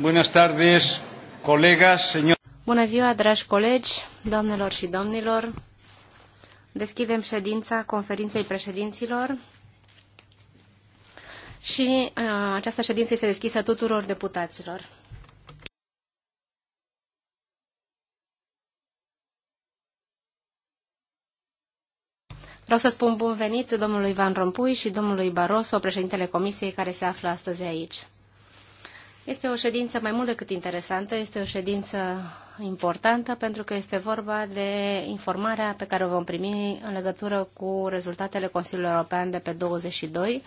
Buenas tardes, colegas, señor. Bună ziua, dragi colegi, doamnelor și domnilor. Deschidem ședința conferinței președinților și uh, această ședință este deschisă tuturor deputaților. Vreau să spun bun venit domnului Ivan Rompui și domnului Barroso, președintele comisiei care se află astăzi aici. Este o ședință mai mult decât interesantă, este o ședință importantă pentru că este vorba de informarea pe care o vom primi în legătură cu rezultatele Consiliului European de pe 22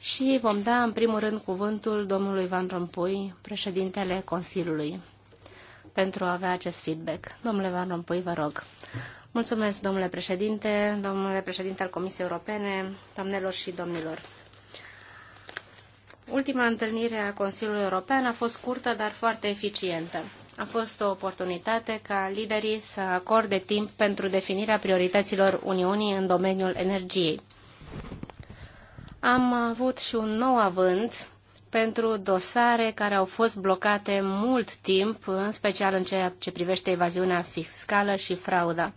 și vom da în primul rând cuvântul domnului Van Rompuy, președintele Consiliului, pentru a avea acest feedback. Domnule Van Rompuy, vă rog. Mulțumesc, domnule președinte, domnule președinte al Comisiei Europene, doamnelor și domnilor. Ultima întâlnire a Consiliului European a fost scurtă, dar foarte eficientă. A fost o oportunitate ca liderii să acorde timp pentru definirea priorităților Uniunii în domeniul energiei. Am avut și un nou avânt pentru dosare care au fost blocate mult timp, în special în ceea ce privește evaziunea fiscală și frauda.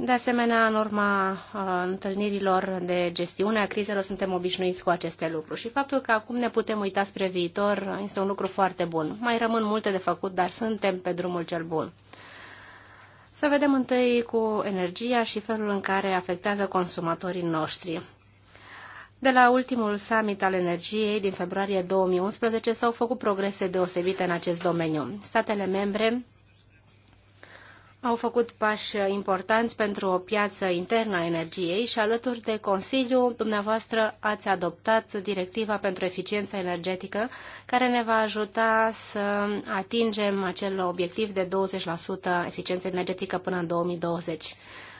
De asemenea, în urma uh, întâlnirilor de gestiune a crizelor, suntem obișnuiți cu aceste lucruri și faptul că acum ne putem uita spre viitor este un lucru foarte bun. Mai rămân multe de făcut, dar suntem pe drumul cel bun. Să vedem întâi cu energia și felul în care afectează consumatorii noștri. De la ultimul summit al energiei din februarie 2011 s-au făcut progrese deosebite în acest domeniu. Statele membre au făcut pași importanți pentru o piață internă a energiei și alături de Consiliu, dumneavoastră ați adoptat directiva pentru eficiența energetică, care ne va ajuta să atingem acel obiectiv de 20% eficiență energetică până în 2020.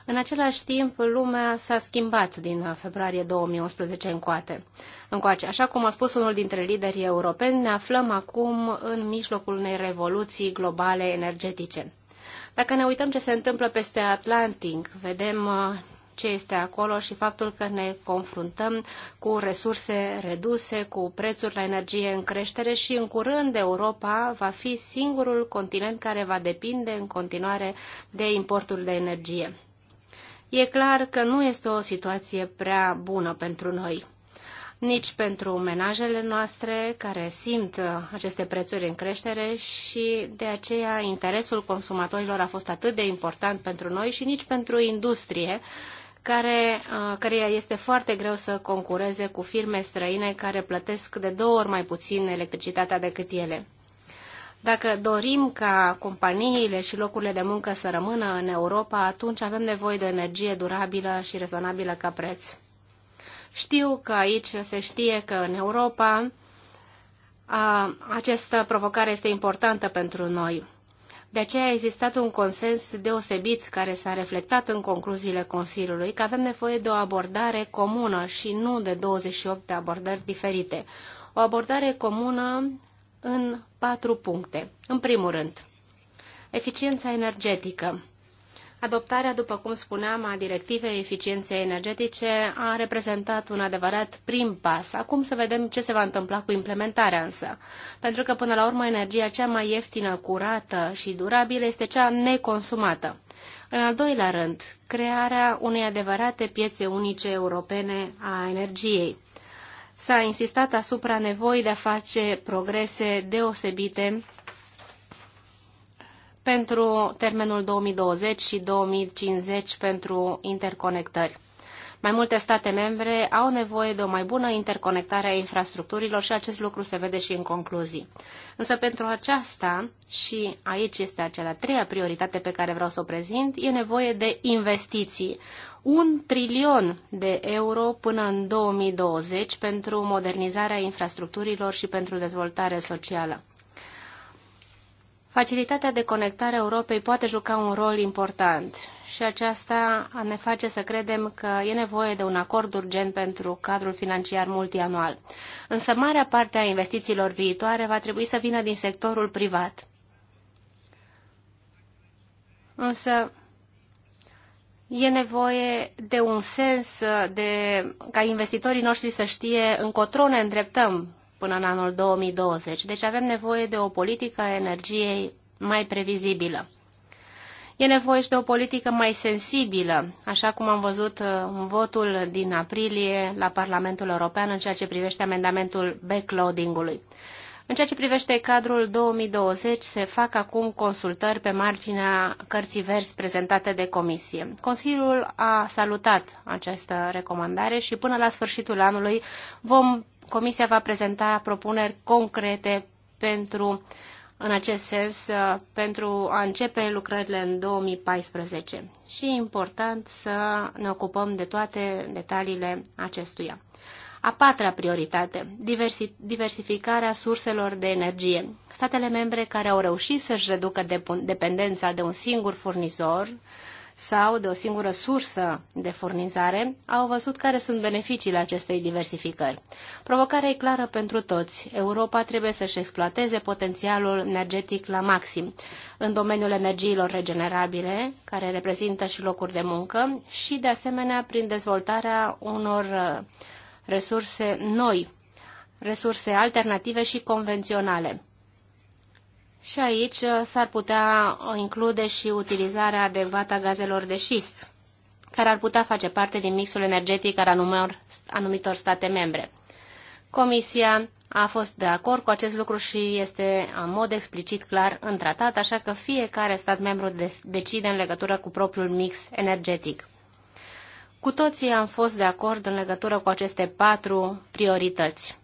În același timp, lumea s-a schimbat din februarie 2011 încoate. Încoace, așa cum a spus unul dintre liderii europeni, ne aflăm acum în mijlocul unei revoluții globale energetice. Dacă ne uităm ce se întâmplă peste Atlantic, vedem uh, ce este acolo și faptul că ne confruntăm cu resurse reduse, cu prețuri la energie în creștere și în curând Europa va fi singurul continent care va depinde în continuare de importul de energie. E clar că nu este o situație prea bună pentru noi nici pentru menajele noastre care simt uh, aceste prețuri în creștere și de aceea interesul consumatorilor a fost atât de important pentru noi și nici pentru industrie, care, uh, căreia este foarte greu să concureze cu firme străine care plătesc de două ori mai puțin electricitatea decât ele. Dacă dorim ca companiile și locurile de muncă să rămână în Europa, atunci avem nevoie de o energie durabilă și rezonabilă ca preț. Știu că aici se știe că în Europa a, această provocare este importantă pentru noi. De aceea a existat un consens deosebit care s-a reflectat în concluziile Consiliului că avem nevoie de o abordare comună și nu de 28 de abordări diferite. O abordare comună în patru puncte. În primul rând, eficiența energetică. Adoptarea, după cum spuneam, a directivei eficienței energetice a reprezentat un adevărat prim pas. Acum să vedem ce se va întâmpla cu implementarea însă. Pentru că, până la urmă, energia cea mai ieftină, curată și durabilă este cea neconsumată. În al doilea rând, crearea unei adevărate piețe unice europene a energiei. S-a insistat asupra nevoii de a face progrese deosebite pentru termenul 2020 și 2050 pentru interconectări. Mai multe state membre au nevoie de o mai bună interconectare a infrastructurilor și acest lucru se vede și în concluzii. Însă pentru aceasta, și aici este acea de-a treia prioritate pe care vreau să o prezint, e nevoie de investiții. Un trilion de euro până în 2020 pentru modernizarea infrastructurilor și pentru dezvoltare socială. Facilitatea de conectare a Europei poate juca un rol important și aceasta ne face să credem că e nevoie de un acord urgent pentru cadrul financiar multianual. Însă marea parte a investițiilor viitoare va trebui să vină din sectorul privat. Însă e nevoie de un sens de, ca investitorii noștri să știe încotro ne îndreptăm până în anul 2020. Deci avem nevoie de o politică a energiei mai previzibilă. E nevoie și de o politică mai sensibilă, așa cum am văzut uh, în votul din aprilie la Parlamentul European în ceea ce privește amendamentul backloading-ului. În ceea ce privește cadrul 2020, se fac acum consultări pe marginea cărții verzi prezentate de comisie. Consiliul a salutat această recomandare și până la sfârșitul anului vom Comisia va prezenta propuneri concrete pentru, în acest sens uh, pentru a începe lucrările în 2014 și e important să ne ocupăm de toate detaliile acestuia. A patra prioritate, diversi, diversificarea surselor de energie. Statele membre care au reușit să-și reducă dependența de un singur furnizor, sau de o singură sursă de furnizare, au văzut care sunt beneficiile acestei diversificări. Provocarea e clară pentru toți. Europa trebuie să-și exploateze potențialul energetic la maxim în domeniul energiilor regenerabile, care reprezintă și locuri de muncă, și de asemenea prin dezvoltarea unor uh, resurse noi, resurse alternative și convenționale. Și aici uh, s-ar putea uh, include și utilizarea adecvată a gazelor de șist, care ar putea face parte din mixul energetic al anumor, anumitor state membre. Comisia a fost de acord cu acest lucru și este uh, în mod explicit clar în tratat, așa că fiecare stat membru decide în legătură cu propriul mix energetic. Cu toții am fost de acord în legătură cu aceste patru priorități.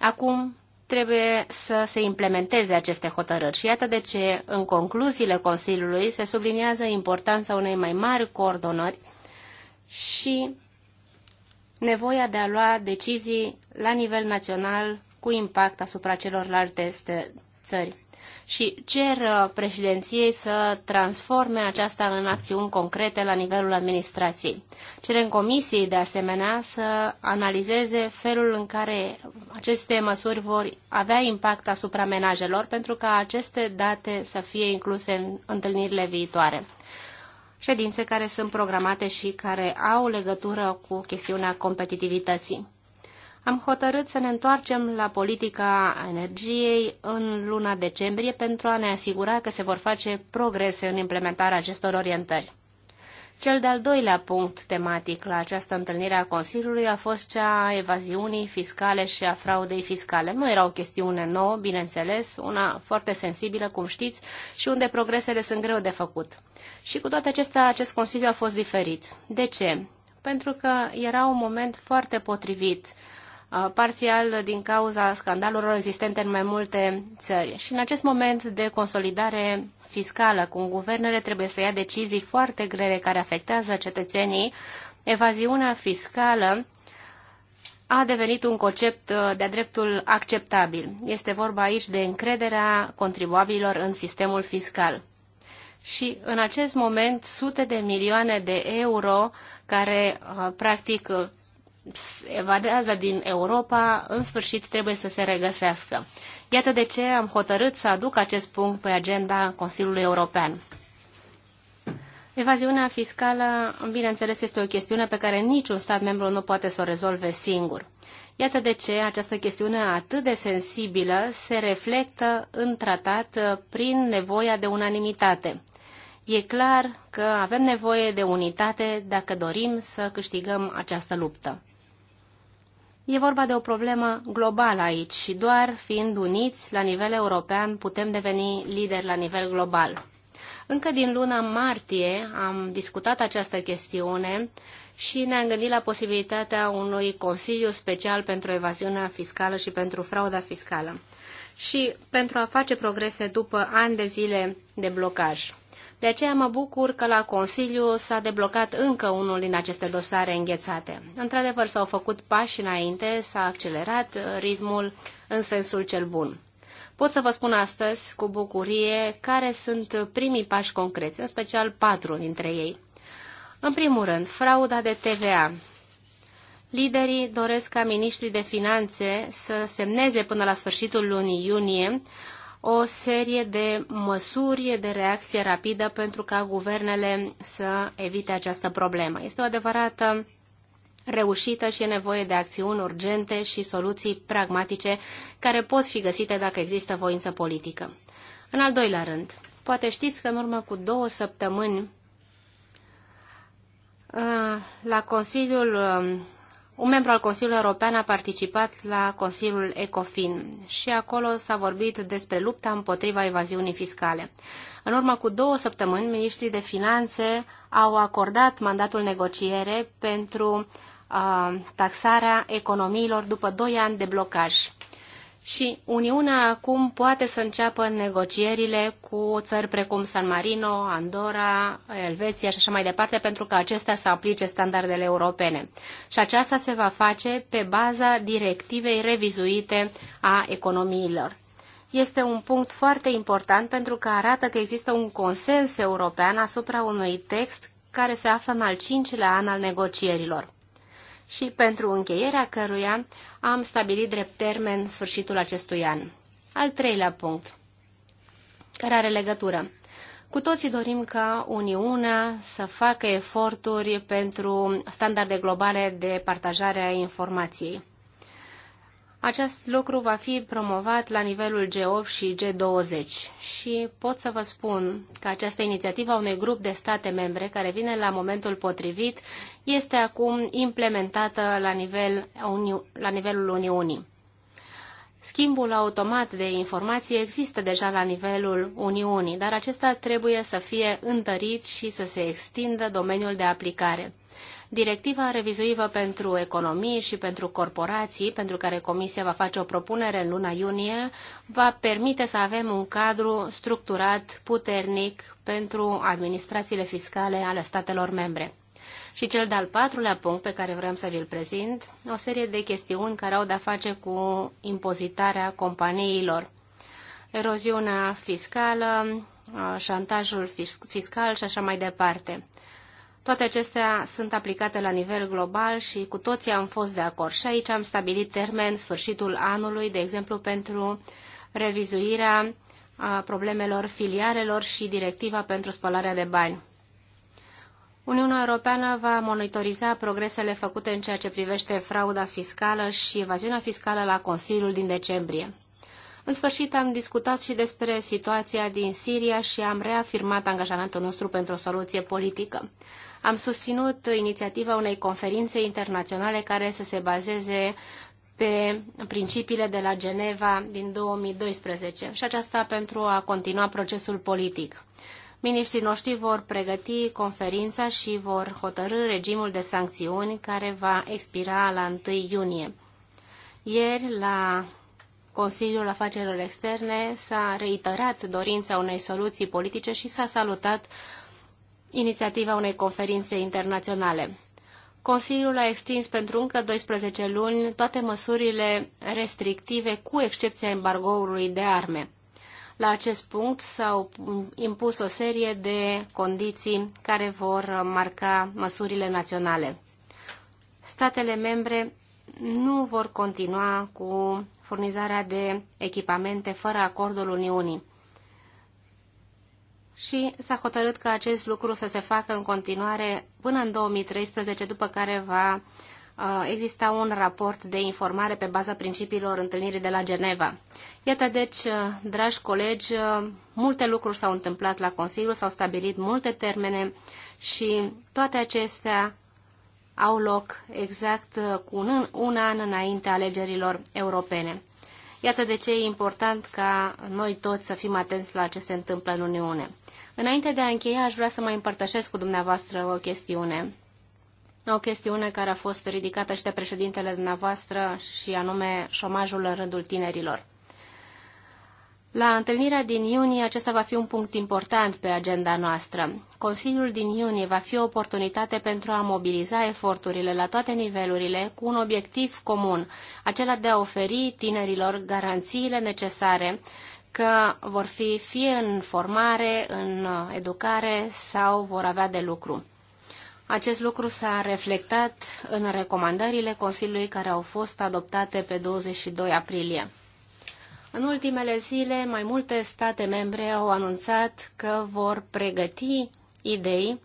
Acum trebuie să se implementeze aceste hotărâri. Și iată de ce, în concluziile Consiliului, se subliniază importanța unei mai mari coordonări și nevoia de a lua decizii la nivel național cu impact asupra celorlalte țări și cer uh, președinției să transforme aceasta în acțiuni concrete la nivelul administrației. Cerem comisiei, de asemenea, să analizeze felul în care aceste măsuri vor avea impact asupra menajelor pentru ca aceste date să fie incluse în întâlnirile viitoare ședințe care sunt programate și care au legătură cu chestiunea competitivității. Am hotărât să ne întoarcem la politica energiei în luna decembrie pentru a ne asigura că se vor face progrese în implementarea acestor orientări. Cel de-al doilea punct tematic la această întâlnire a Consiliului a fost cea a evaziunii fiscale și a fraudei fiscale. Nu era o chestiune nouă, bineînțeles, una foarte sensibilă, cum știți, și unde progresele sunt greu de făcut. Și cu toate acestea, acest Consiliu a fost diferit. De ce? Pentru că era un moment foarte potrivit Uh, parțial din cauza scandalurilor existente în mai multe țări. Și în acest moment de consolidare fiscală, cum guvernele trebuie să ia decizii foarte grele care afectează cetățenii, evaziunea fiscală a devenit un concept uh, de-a dreptul acceptabil. Este vorba aici de încrederea contribuabililor în sistemul fiscal. Și în acest moment, sute de milioane de euro care uh, practic evadează din Europa, în sfârșit trebuie să se regăsească. Iată de ce am hotărât să aduc acest punct pe agenda Consiliului European. Evaziunea fiscală, bineînțeles, este o chestiune pe care niciun stat membru nu poate să o rezolve singur. Iată de ce această chestiune atât de sensibilă se reflectă în tratat prin nevoia de unanimitate. E clar că avem nevoie de unitate dacă dorim să câștigăm această luptă. E vorba de o problemă globală aici și doar fiind uniți la nivel european putem deveni lideri la nivel global. Încă din luna martie am discutat această chestiune și ne-am gândit la posibilitatea unui Consiliu Special pentru Evaziunea Fiscală și pentru Frauda Fiscală și pentru a face progrese după ani de zile de blocaj. De aceea mă bucur că la Consiliu s-a deblocat încă unul din aceste dosare înghețate. Într-adevăr, s-au făcut pași înainte, s-a accelerat uh, ritmul în sensul cel bun. Pot să vă spun astăzi, cu bucurie, care sunt primii pași concreți, în special patru dintre ei. În primul rând, frauda de TVA. Liderii doresc ca ministrii de finanțe să semneze până la sfârșitul lunii iunie o serie de măsuri de reacție rapidă pentru ca guvernele să evite această problemă. Este o adevărată reușită și e nevoie de acțiuni urgente și soluții pragmatice care pot fi găsite dacă există voință politică. În al doilea rând, poate știți că în urmă cu două săptămâni uh, la Consiliul um, un membru al Consiliului European a participat la Consiliul ECOFIN și acolo s-a vorbit despre lupta împotriva evaziunii fiscale. În urmă cu două săptămâni, ministrii de finanțe au acordat mandatul negociere pentru uh, taxarea economiilor după doi ani de blocaj. Și Uniunea acum poate să înceapă negocierile cu țări precum San Marino, Andorra, Elveția și așa mai departe, pentru că acestea să aplice standardele europene. Și aceasta se va face pe baza directivei revizuite a economiilor. Este un punct foarte important pentru că arată că există un consens european asupra unui text care se află în al cincilea an al negocierilor și pentru încheierea căruia am stabilit drept termen sfârșitul acestui an. Al treilea punct, care are legătură. Cu toții dorim ca Uniunea să facă eforturi pentru standarde globale de partajare a informației. Acest lucru va fi promovat la nivelul G8 și G20 și pot să vă spun că această inițiativă a unui grup de state membre care vine la momentul potrivit este acum implementată la, nivel, la nivelul Uniunii. Schimbul automat de informații există deja la nivelul Uniunii, dar acesta trebuie să fie întărit și să se extindă domeniul de aplicare. Directiva revizuivă pentru economii și pentru corporații, pentru care Comisia va face o propunere în luna iunie, va permite să avem un cadru structurat, puternic, pentru administrațiile fiscale ale statelor membre. Și cel de-al patrulea punct pe care vreau să vi-l prezint, o serie de chestiuni care au de-a face cu impozitarea companiilor. Eroziunea fiscală, șantajul fiscal și așa mai departe. Toate acestea sunt aplicate la nivel global și cu toții am fost de acord. Și aici am stabilit termen sfârșitul anului, de exemplu, pentru revizuirea a problemelor filiarelor și directiva pentru spălarea de bani. Uniunea Europeană va monitoriza progresele făcute în ceea ce privește frauda fiscală și evaziunea fiscală la Consiliul din decembrie. În sfârșit, am discutat și despre situația din Siria și am reafirmat angajamentul nostru pentru o soluție politică. Am susținut inițiativa unei conferințe internaționale care să se bazeze pe principiile de la Geneva din 2012 și aceasta pentru a continua procesul politic. Miniștrii noștri vor pregăti conferința și vor hotărâ regimul de sancțiuni care va expira la 1 iunie. Ieri, la Consiliul Afacerilor Externe s-a reiterat dorința unei soluții politice și s-a salutat inițiativa unei conferințe internaționale. Consiliul a extins pentru încă 12 luni toate măsurile restrictive, cu excepția embargoului de arme. La acest punct s-au impus o serie de condiții care vor marca măsurile naționale. Statele membre nu vor continua cu furnizarea de echipamente fără acordul Uniunii și s-a hotărât că acest lucru să se facă în continuare până în 2013, după care va uh, exista un raport de informare pe baza principiilor întâlnirii de la Geneva. Iată deci, uh, dragi colegi, uh, multe lucruri s-au întâmplat la Consiliu, s-au stabilit multe termene și toate acestea au loc exact cu un, un an înainte alegerilor europene. Iată de ce e important ca noi toți să fim atenți la ce se întâmplă în Uniune. Înainte de a încheia, aș vrea să mai împărtășesc cu dumneavoastră o chestiune. O chestiune care a fost ridicată și de președintele dumneavoastră și anume șomajul în rândul tinerilor. La întâlnirea din iunie, acesta va fi un punct important pe agenda noastră. Consiliul din iunie va fi o oportunitate pentru a mobiliza eforturile la toate nivelurile cu un obiectiv comun, acela de a oferi tinerilor garanțiile necesare că vor fi fie în formare, în uh, educare sau vor avea de lucru. Acest lucru s-a reflectat în recomandările Consiliului care au fost adoptate pe 22 aprilie. În ultimele zile, mai multe state membre au anunțat că vor pregăti idei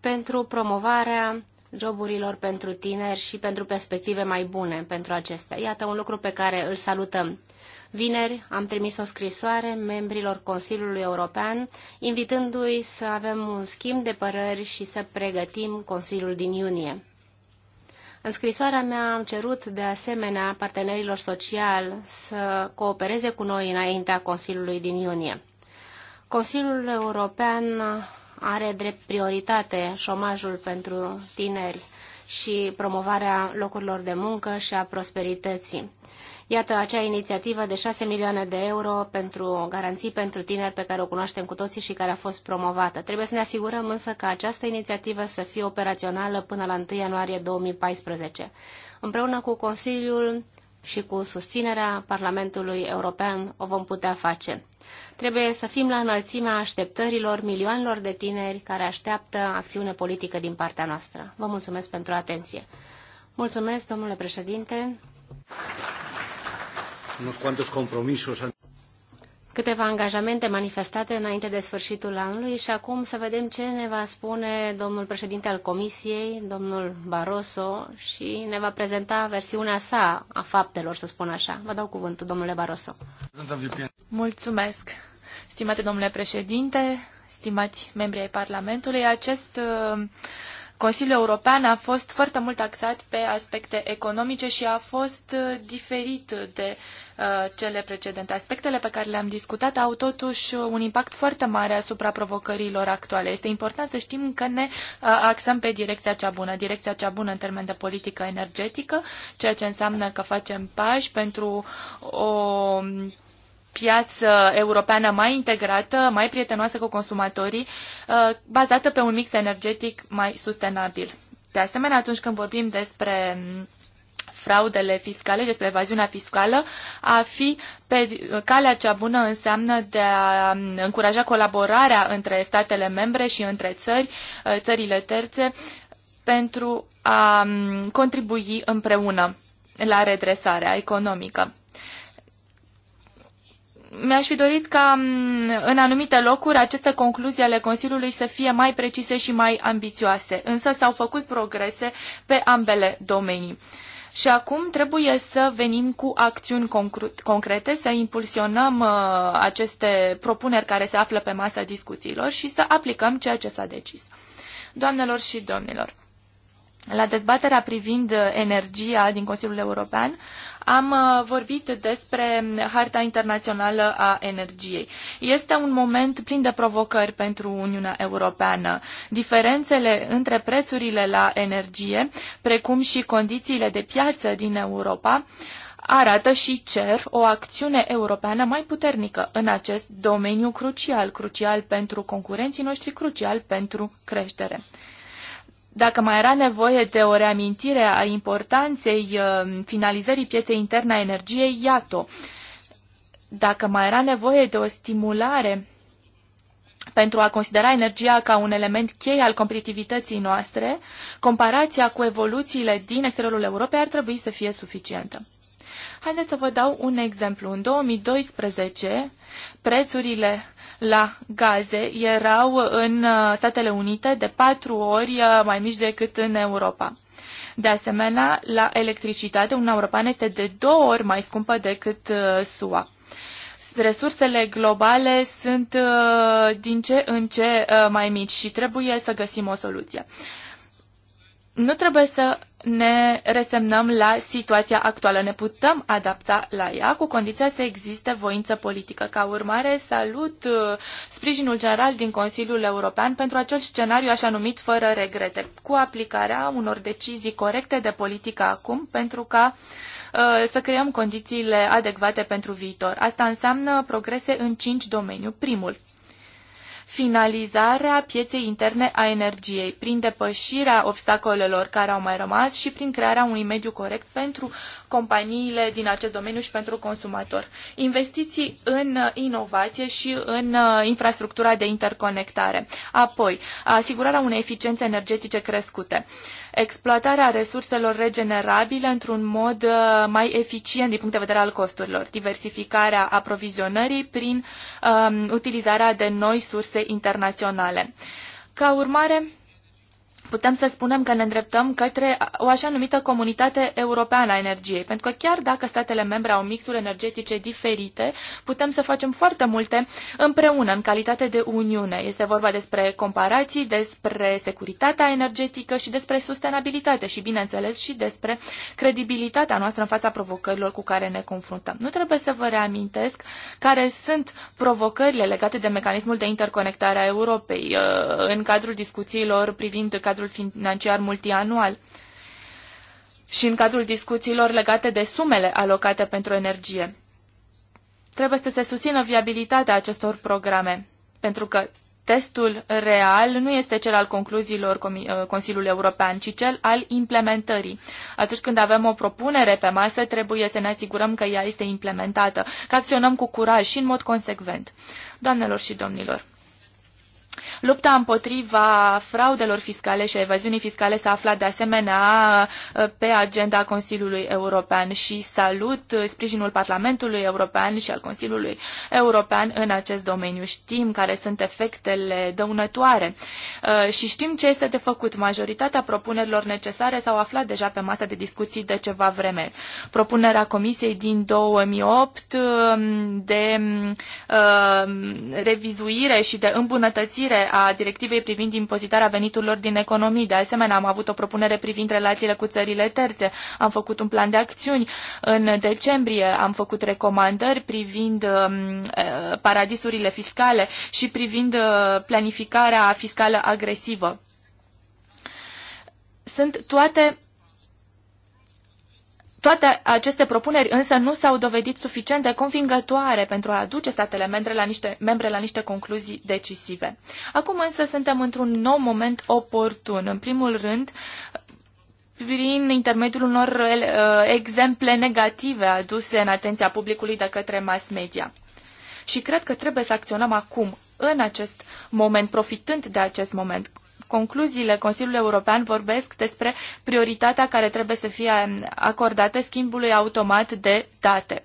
pentru promovarea joburilor pentru tineri și pentru perspective mai bune pentru acestea. Iată un lucru pe care îl salutăm. Vineri am trimis o scrisoare membrilor Consiliului European, invitându-i să avem un schimb de părări și să pregătim Consiliul din iunie. În scrisoarea mea am cerut de asemenea partenerilor sociali să coopereze cu noi înaintea Consiliului din iunie. Consiliul European are drept prioritate șomajul pentru tineri și promovarea locurilor de muncă și a prosperității. Iată acea inițiativă de 6 milioane de euro pentru garanții pentru tineri pe care o cunoaștem cu toții și care a fost promovată. Trebuie să ne asigurăm însă că această inițiativă să fie operațională până la 1 ianuarie 2014. Împreună cu Consiliul și cu susținerea Parlamentului European o vom putea face. Trebuie să fim la înălțimea așteptărilor milioanelor de tineri care așteaptă acțiune politică din partea noastră. Vă mulțumesc pentru atenție. Mulțumesc, domnule președinte unos cuantos compromisos. Câteva angajamente manifestate înainte de sfârșitul anului și acum să vedem ce ne va spune domnul președinte al Comisiei, domnul Barroso, și ne va prezenta versiunea sa a faptelor, să spun așa. Vă dau cuvântul, domnule Barroso. Mulțumesc, stimate domnule președinte, stimați membri ai Parlamentului. Acest uh, Consiliul European a fost foarte mult axat pe aspecte economice și a fost uh, diferit de uh, cele precedente. Aspectele pe care le-am discutat au totuși un impact foarte mare asupra provocărilor actuale. Este important să știm că ne uh, axăm pe direcția cea bună, direcția cea bună în termen de politică energetică, ceea ce înseamnă că facem pași pentru o piață europeană mai integrată, mai prietenoasă cu consumatorii, uh, bazată pe un mix energetic mai sustenabil. De asemenea, atunci când vorbim despre mm, fraudele fiscale, despre evaziunea fiscală, a fi pe uh, calea cea bună înseamnă de a mm, încuraja colaborarea între statele membre și între țări, uh, țările terțe, pentru a mm, contribui împreună la redresarea economică mi-aș fi dorit ca în anumite locuri aceste concluzii ale Consiliului să fie mai precise și mai ambițioase, însă s-au făcut progrese pe ambele domenii. Și acum trebuie să venim cu acțiuni concrete, să impulsionăm uh, aceste propuneri care se află pe masa discuțiilor și să aplicăm ceea ce s-a decis. Doamnelor și domnilor, la dezbaterea privind energia din Consiliul European am uh, vorbit despre harta internațională a energiei. Este un moment plin de provocări pentru Uniunea Europeană. Diferențele între prețurile la energie, precum și condițiile de piață din Europa, arată și cer o acțiune europeană mai puternică în acest domeniu crucial, crucial pentru concurenții noștri, crucial pentru creștere. Dacă mai era nevoie de o reamintire a importanței uh, finalizării pieței interne a energiei, iată. Dacă mai era nevoie de o stimulare pentru a considera energia ca un element chei al competitivității noastre, comparația cu evoluțiile din exteriorul Europei ar trebui să fie suficientă. Haideți să vă dau un exemplu. În 2012, prețurile la gaze erau în uh, Statele Unite de patru ori uh, mai mici decât în Europa. De asemenea, la electricitate, Uniunea Europeană este de două ori mai scumpă decât uh, SUA. Resursele globale sunt din ce în ce mai mici și trebuie să găsim o soluție. Nu trebuie să ne resemnăm la situația actuală. Ne putem adapta la ea cu condiția să existe voință politică. Ca urmare, salut uh, sprijinul general din Consiliul European pentru acel scenariu așa numit fără regrete, cu aplicarea unor decizii corecte de politică acum pentru ca uh, să creăm condițiile adecvate pentru viitor. Asta înseamnă progrese în cinci domeniu. Primul, finalizarea pieței interne a energiei, prin depășirea obstacolelor care au mai rămas și prin crearea unui mediu corect pentru companiile din acest domeniu și pentru consumator. Investiții în uh, inovație și în uh, infrastructura de interconectare. Apoi, asigurarea unei eficiențe energetice crescute. Exploatarea resurselor regenerabile într-un mod uh, mai eficient din punct de vedere al costurilor. Diversificarea aprovizionării prin um, utilizarea de noi surse internaționale. Ca urmare, putem să spunem că ne îndreptăm către o așa numită comunitate europeană a energiei, pentru că chiar dacă statele membre au mixuri energetice diferite, putem să facem foarte multe împreună, în calitate de Uniune. Este vorba despre comparații, despre securitatea energetică și despre sustenabilitate și, bineînțeles, și despre credibilitatea noastră în fața provocărilor cu care ne confruntăm. Nu trebuie să vă reamintesc care sunt provocările legate de mecanismul de interconectare a Europei uh, în cadrul discuțiilor privind cadrul cadrul financiar multianual și în cadrul discuțiilor legate de sumele alocate pentru energie. Trebuie să se susțină viabilitatea acestor programe, pentru că testul real nu este cel al concluziilor uh, Consiliului European, ci cel al implementării. Atunci când avem o propunere pe masă, trebuie să ne asigurăm că ea este implementată, că acționăm cu curaj și în mod consecvent. Doamnelor și domnilor, Lupta împotriva fraudelor fiscale și a evaziunii fiscale s-a aflat de asemenea uh, pe agenda Consiliului European și salut uh, sprijinul Parlamentului European și al Consiliului European în acest domeniu. Știm care sunt efectele dăunătoare uh, și știm ce este de făcut. Majoritatea propunerilor necesare s-au aflat deja pe masa de discuții de ceva vreme. Propunerea Comisiei din 2008 um, de uh, revizuire și de îmbunătățire revizuire a directivei privind impozitarea veniturilor din economii. De asemenea, am avut o propunere privind relațiile cu țările terțe. Am făcut un plan de acțiuni. În decembrie am făcut recomandări privind um, eh, paradisurile fiscale și privind uh, planificarea fiscală agresivă. Sunt toate toate aceste propuneri însă nu s-au dovedit suficient de convingătoare pentru a aduce statele membre la niște, membre la niște concluzii decisive. Acum însă suntem într-un nou moment oportun. În primul rând, prin intermediul unor uh, exemple negative aduse în atenția publicului de către mass media. Și cred că trebuie să acționăm acum, în acest moment, profitând de acest moment. Concluziile Consiliului European vorbesc despre prioritatea care trebuie să fie acordată schimbului automat de date.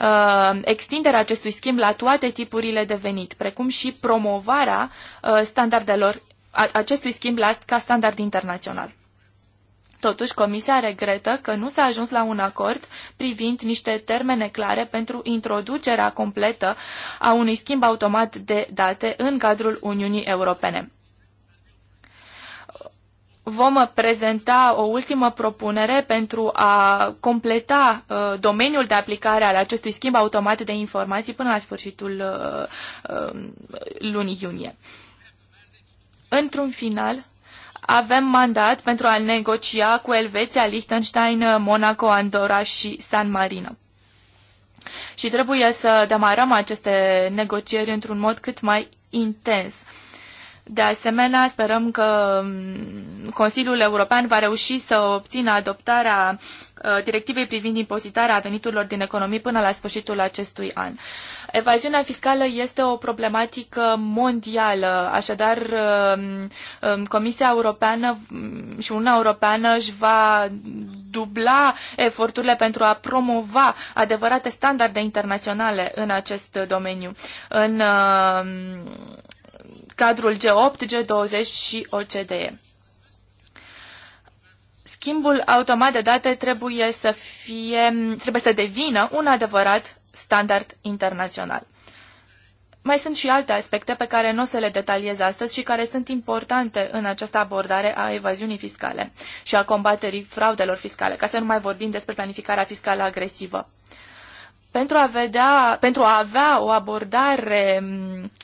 Uh, extinderea acestui schimb la toate tipurile de venit, precum și promovarea uh, standardelor acestui schimb la, ca standard internațional. Totuși, Comisia regretă că nu s-a ajuns la un acord privind niște termene clare pentru introducerea completă a unui schimb automat de date în cadrul Uniunii Europene vom prezenta o ultimă propunere pentru a completa uh, domeniul de aplicare al acestui schimb automat de informații până la sfârșitul uh, uh, lunii iunie. Într-un final, avem mandat pentru a negocia cu Elveția, Liechtenstein, Monaco, Andorra și San Marino. Și trebuie să demarăm aceste negocieri într-un mod cât mai intens. De asemenea, sperăm că mm, Consiliul European va reuși să obțină adoptarea uh, directivei privind impozitarea veniturilor din economii până la sfârșitul acestui an. Evaziunea fiscală este o problematică mondială, așadar uh, um, Comisia Europeană mm, și Uniunea Europeană își va dubla eforturile pentru a promova adevărate standarde internaționale în acest domeniu. În uh, cadrul G8, G20 și OCDE. Schimbul automat de date trebuie să, fie, trebuie să devină un adevărat standard internațional. Mai sunt și alte aspecte pe care nu o să le detaliez astăzi și care sunt importante în această abordare a evaziunii fiscale și a combaterii fraudelor fiscale, ca să nu mai vorbim despre planificarea fiscală agresivă. Pentru a, vedea, pentru a avea o abordare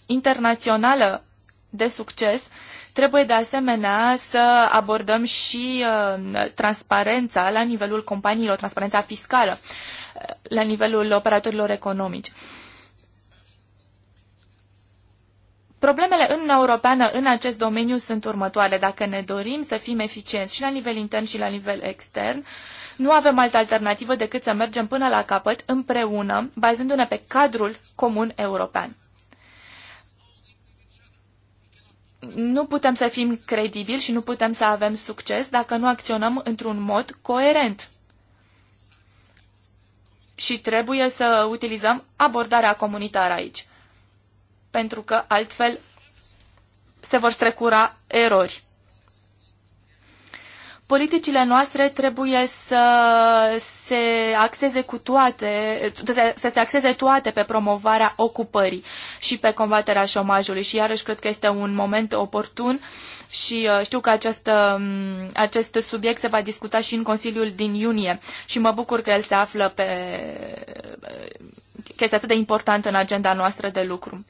internațională de succes, trebuie de asemenea să abordăm și uh, transparența la nivelul companiilor, transparența fiscală uh, la nivelul operatorilor economici. Problemele în Uniunea Europeană în acest domeniu sunt următoare. Dacă ne dorim să fim eficienți și la nivel intern și la nivel extern, nu avem altă alternativă decât să mergem până la capăt împreună, bazându-ne pe cadrul comun european. nu putem să fim credibili și nu putem să avem succes dacă nu acționăm într-un mod coerent. Și trebuie să utilizăm abordarea comunitară aici, pentru că altfel se vor strecura erori politicile noastre trebuie să se axeze cu toate, să se axeze toate pe promovarea ocupării și pe combaterea șomajului și iarăși cred că este un moment oportun și uh, știu că această, um, acest subiect se va discuta și în Consiliul din iunie și mă bucur că el se află pe, uh, că este atât de important în agenda noastră de lucru.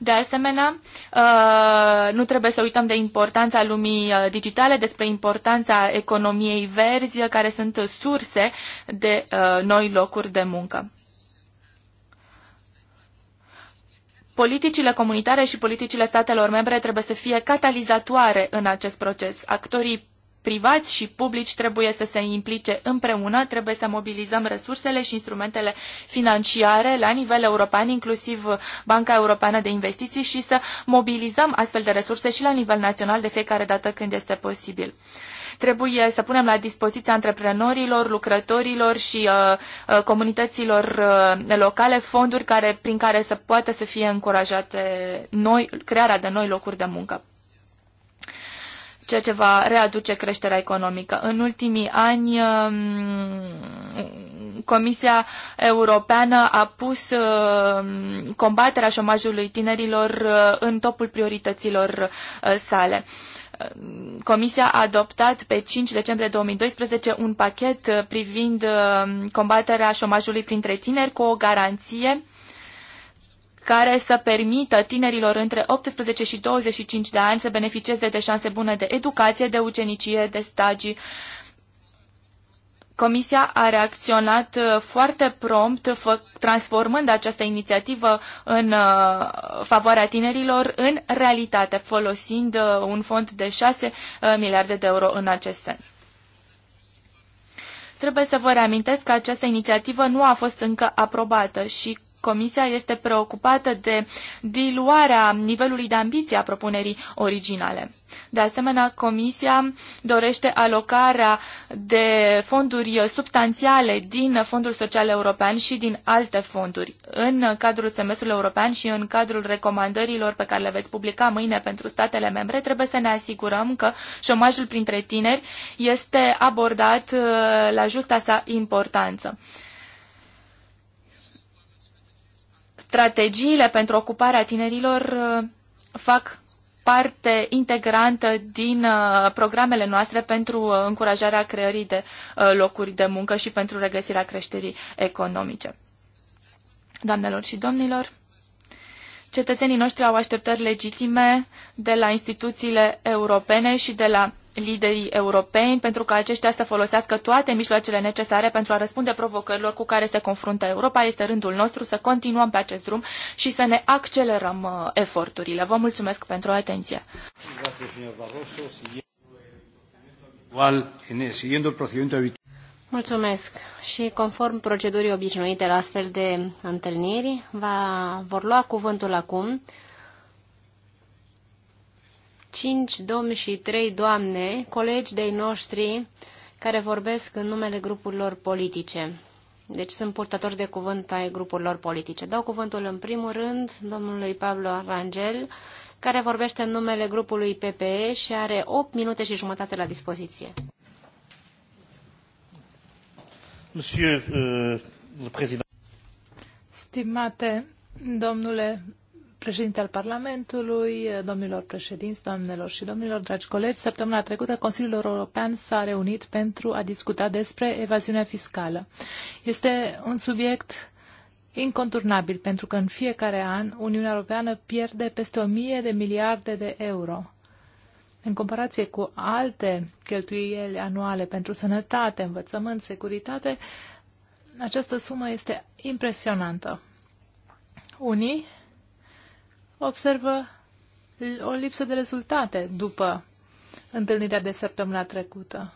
De asemenea, uh, nu trebuie să uităm de importanța lumii uh, digitale, despre importanța economiei verzi, uh, care sunt surse de noi locuri de muncă. Politicile comunitare și politicile statelor membre trebuie să fie catalizatoare în acest proces. Actorii privați și publici trebuie să se implice împreună, trebuie să mobilizăm resursele și instrumentele financiare la nivel european, inclusiv Banca Europeană de Investiții și să mobilizăm astfel de resurse și la nivel național de fiecare dată când este posibil. Trebuie să punem la dispoziția antreprenorilor, lucrătorilor și uh, uh comunităților uh, locale fonduri care, prin care să poată să fie încurajate noi, crearea de noi locuri de muncă ceea ce va readuce creșterea economică. În ultimii ani, um, Comisia Europeană a pus um, combaterea șomajului tinerilor uh, în topul priorităților uh, sale. Comisia a adoptat pe 5 decembrie 2012 un pachet uh, privind um, combaterea șomajului printre tineri cu o garanție care să permită tinerilor între 18 și 25 de ani să beneficieze de șanse bune de educație, de ucenicie, de stagii. Comisia a reacționat uh, foarte prompt, transformând această inițiativă în uh, favoarea tinerilor în realitate, folosind uh, un fond de 6 miliarde de euro în acest sens. Trebuie să vă reamintesc că această inițiativă nu a fost încă aprobată și Comisia este preocupată de diluarea nivelului de ambiție a propunerii originale. De asemenea, Comisia dorește alocarea de fonduri substanțiale din Fondul Social European și din alte fonduri în cadrul semestrului european și în cadrul recomandărilor pe care le veți publica mâine pentru statele membre, trebuie să ne asigurăm că șomajul printre tineri este abordat uh, la justa sa importanță. Strategiile pentru ocuparea tinerilor uh, fac parte integrantă din uh, programele noastre pentru uh, încurajarea creării de locuri de muncă și pentru regăsirea creșterii economice. Doamnelor și domnilor, cetățenii noștri au așteptări legitime de la instituțiile europene și de la liderii europeni pentru ca aceștia să folosească toate mijloacele necesare pentru a răspunde provocărilor cu care se confruntă Europa. Este rândul nostru să continuăm pe acest drum și să ne accelerăm uh, eforturile. Vă mulțumesc pentru atenție. Mulțumesc. Și conform procedurii obișnuite la astfel de întâlniri, va, vor lua cuvântul acum cinci domni și trei doamne, colegi de noștri care vorbesc în numele grupurilor politice. Deci sunt purtători de cuvânt ai grupurilor politice. Dau cuvântul în primul rând domnului Pablo Arangel, care vorbește în numele grupului PPE și are 8 minute și jumătate la dispoziție. Monsieur, uh, Stimate domnule președinte al Parlamentului, domnilor președinți, doamnelor și domnilor, dragi colegi, săptămâna trecută Consiliul European s-a reunit pentru a discuta despre evaziunea fiscală. Este un subiect inconturnabil pentru că în fiecare an Uniunea Europeană pierde peste 1000 de miliarde de euro. În comparație cu alte cheltuieli anuale pentru sănătate, învățământ, securitate, această sumă este impresionantă. Unii observă o lipsă de rezultate după întâlnirea de săptămâna trecută.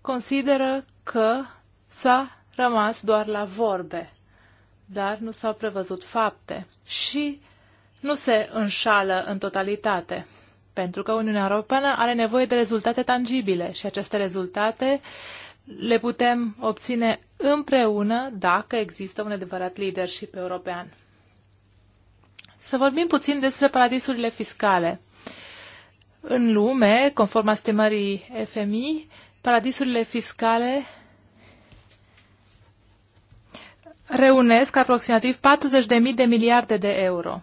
Consideră că s-a rămas doar la vorbe, dar nu s-au prevăzut fapte și nu se înșală în totalitate, pentru că Uniunea Europeană are nevoie de rezultate tangibile și aceste rezultate le putem obține împreună dacă există un adevărat leadership european. Să vorbim puțin despre paradisurile fiscale. În lume, conform estimării FMI, paradisurile fiscale reunesc aproximativ 40.000 de miliarde de euro.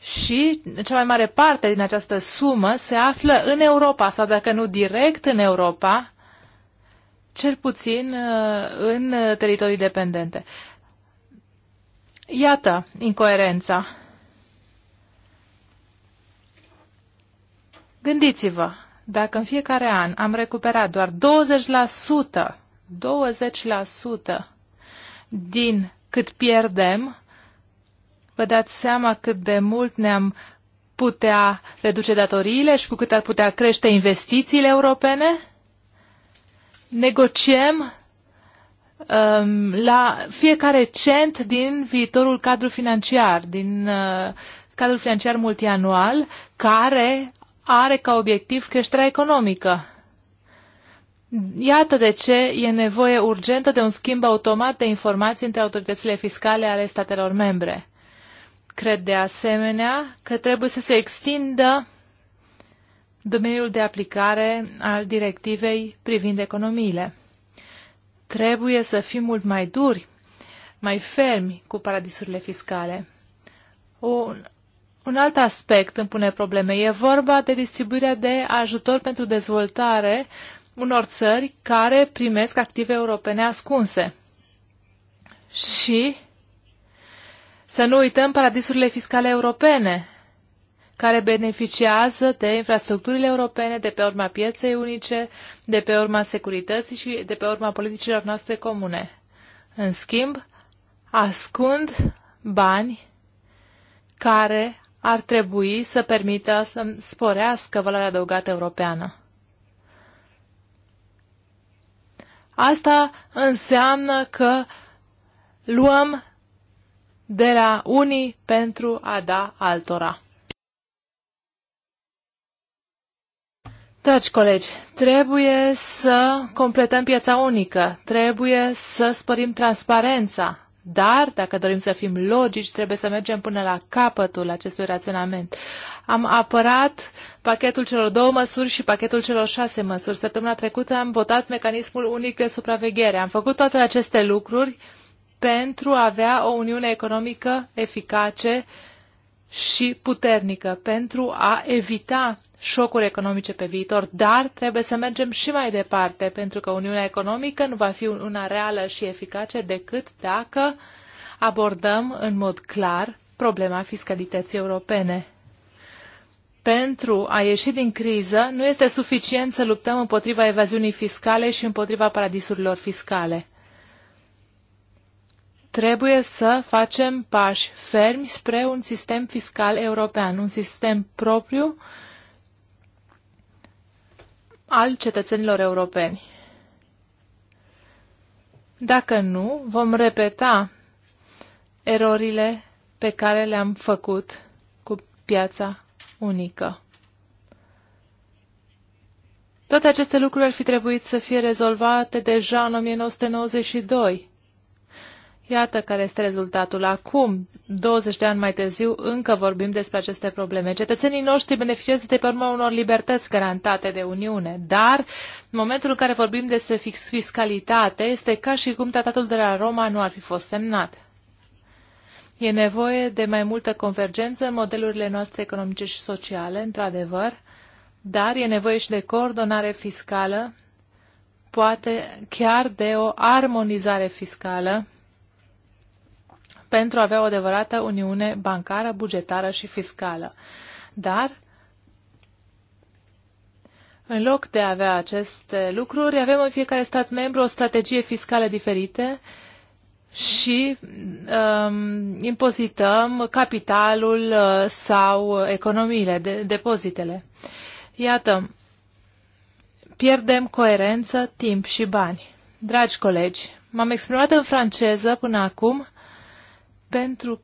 Și cea mai mare parte din această sumă se află în Europa, sau dacă nu direct în Europa, cel puțin uh, în uh, teritorii dependente. Iată incoerența. Gândiți-vă, dacă în fiecare an am recuperat doar 20%, 20% din cât pierdem, vă dați seama cât de mult ne-am putea reduce datoriile și cu cât ar putea crește investițiile europene? Negociem Um, la fiecare cent din viitorul cadru financiar, din uh, cadrul financiar multianual, care are ca obiectiv creșterea economică. Iată de ce e nevoie urgentă de un schimb automat de informații între autoritățile fiscale ale statelor membre. Cred de asemenea că trebuie să se extindă domeniul de aplicare al directivei privind economiile. Trebuie să fim mult mai duri, mai fermi cu paradisurile fiscale. Un, un alt aspect îmi pune probleme. E vorba de distribuirea de ajutor pentru dezvoltare unor țări care primesc active europene ascunse. Și să nu uităm paradisurile fiscale europene, care beneficiază de infrastructurile europene, de pe urma pieței unice, de pe urma securității și de pe urma politicilor noastre comune. În schimb, ascund bani care ar trebui să permită să sporească valoarea adăugată europeană. Asta înseamnă că luăm de la unii pentru a da altora. Dragi colegi, trebuie să completăm piața unică, trebuie să spărim transparența, dar dacă dorim să fim logici, trebuie să mergem până la capătul acestui raționament. Am apărat pachetul celor două măsuri și pachetul celor șase măsuri. Săptămâna trecută am votat mecanismul unic de supraveghere. Am făcut toate aceste lucruri pentru a avea o uniune economică eficace și puternică, pentru a evita șocuri economice pe viitor, dar trebuie să mergem și mai departe, pentru că Uniunea Economică nu va fi una reală și eficace decât dacă abordăm în mod clar problema fiscalității europene. Pentru a ieși din criză, nu este suficient să luptăm împotriva evaziunii fiscale și împotriva paradisurilor fiscale trebuie să facem pași fermi spre un sistem fiscal european, un sistem propriu al cetățenilor europeni. Dacă nu, vom repeta erorile pe care le-am făcut cu piața unică. Toate aceste lucruri ar fi trebuit să fie rezolvate deja în 1992. Iată care este rezultatul. Acum, 20 de ani mai târziu, încă vorbim despre aceste probleme. Cetățenii noștri beneficiază de pe urmă unor libertăți garantate de Uniune, dar în momentul în care vorbim despre fix fiscalitate, este ca și cum tratatul de la Roma nu ar fi fost semnat. E nevoie de mai multă convergență în modelurile noastre economice și sociale, într-adevăr, dar e nevoie și de coordonare fiscală, poate chiar de o armonizare fiscală, pentru a avea o adevărată uniune bancară, bugetară și fiscală. Dar, în loc de a avea aceste lucruri, avem în fiecare stat membru o strategie fiscală diferită și um, impozităm capitalul uh, sau economiile, de, depozitele. Iată, pierdem coerență, timp și bani. Dragi colegi, m-am exprimat în franceză până acum pentru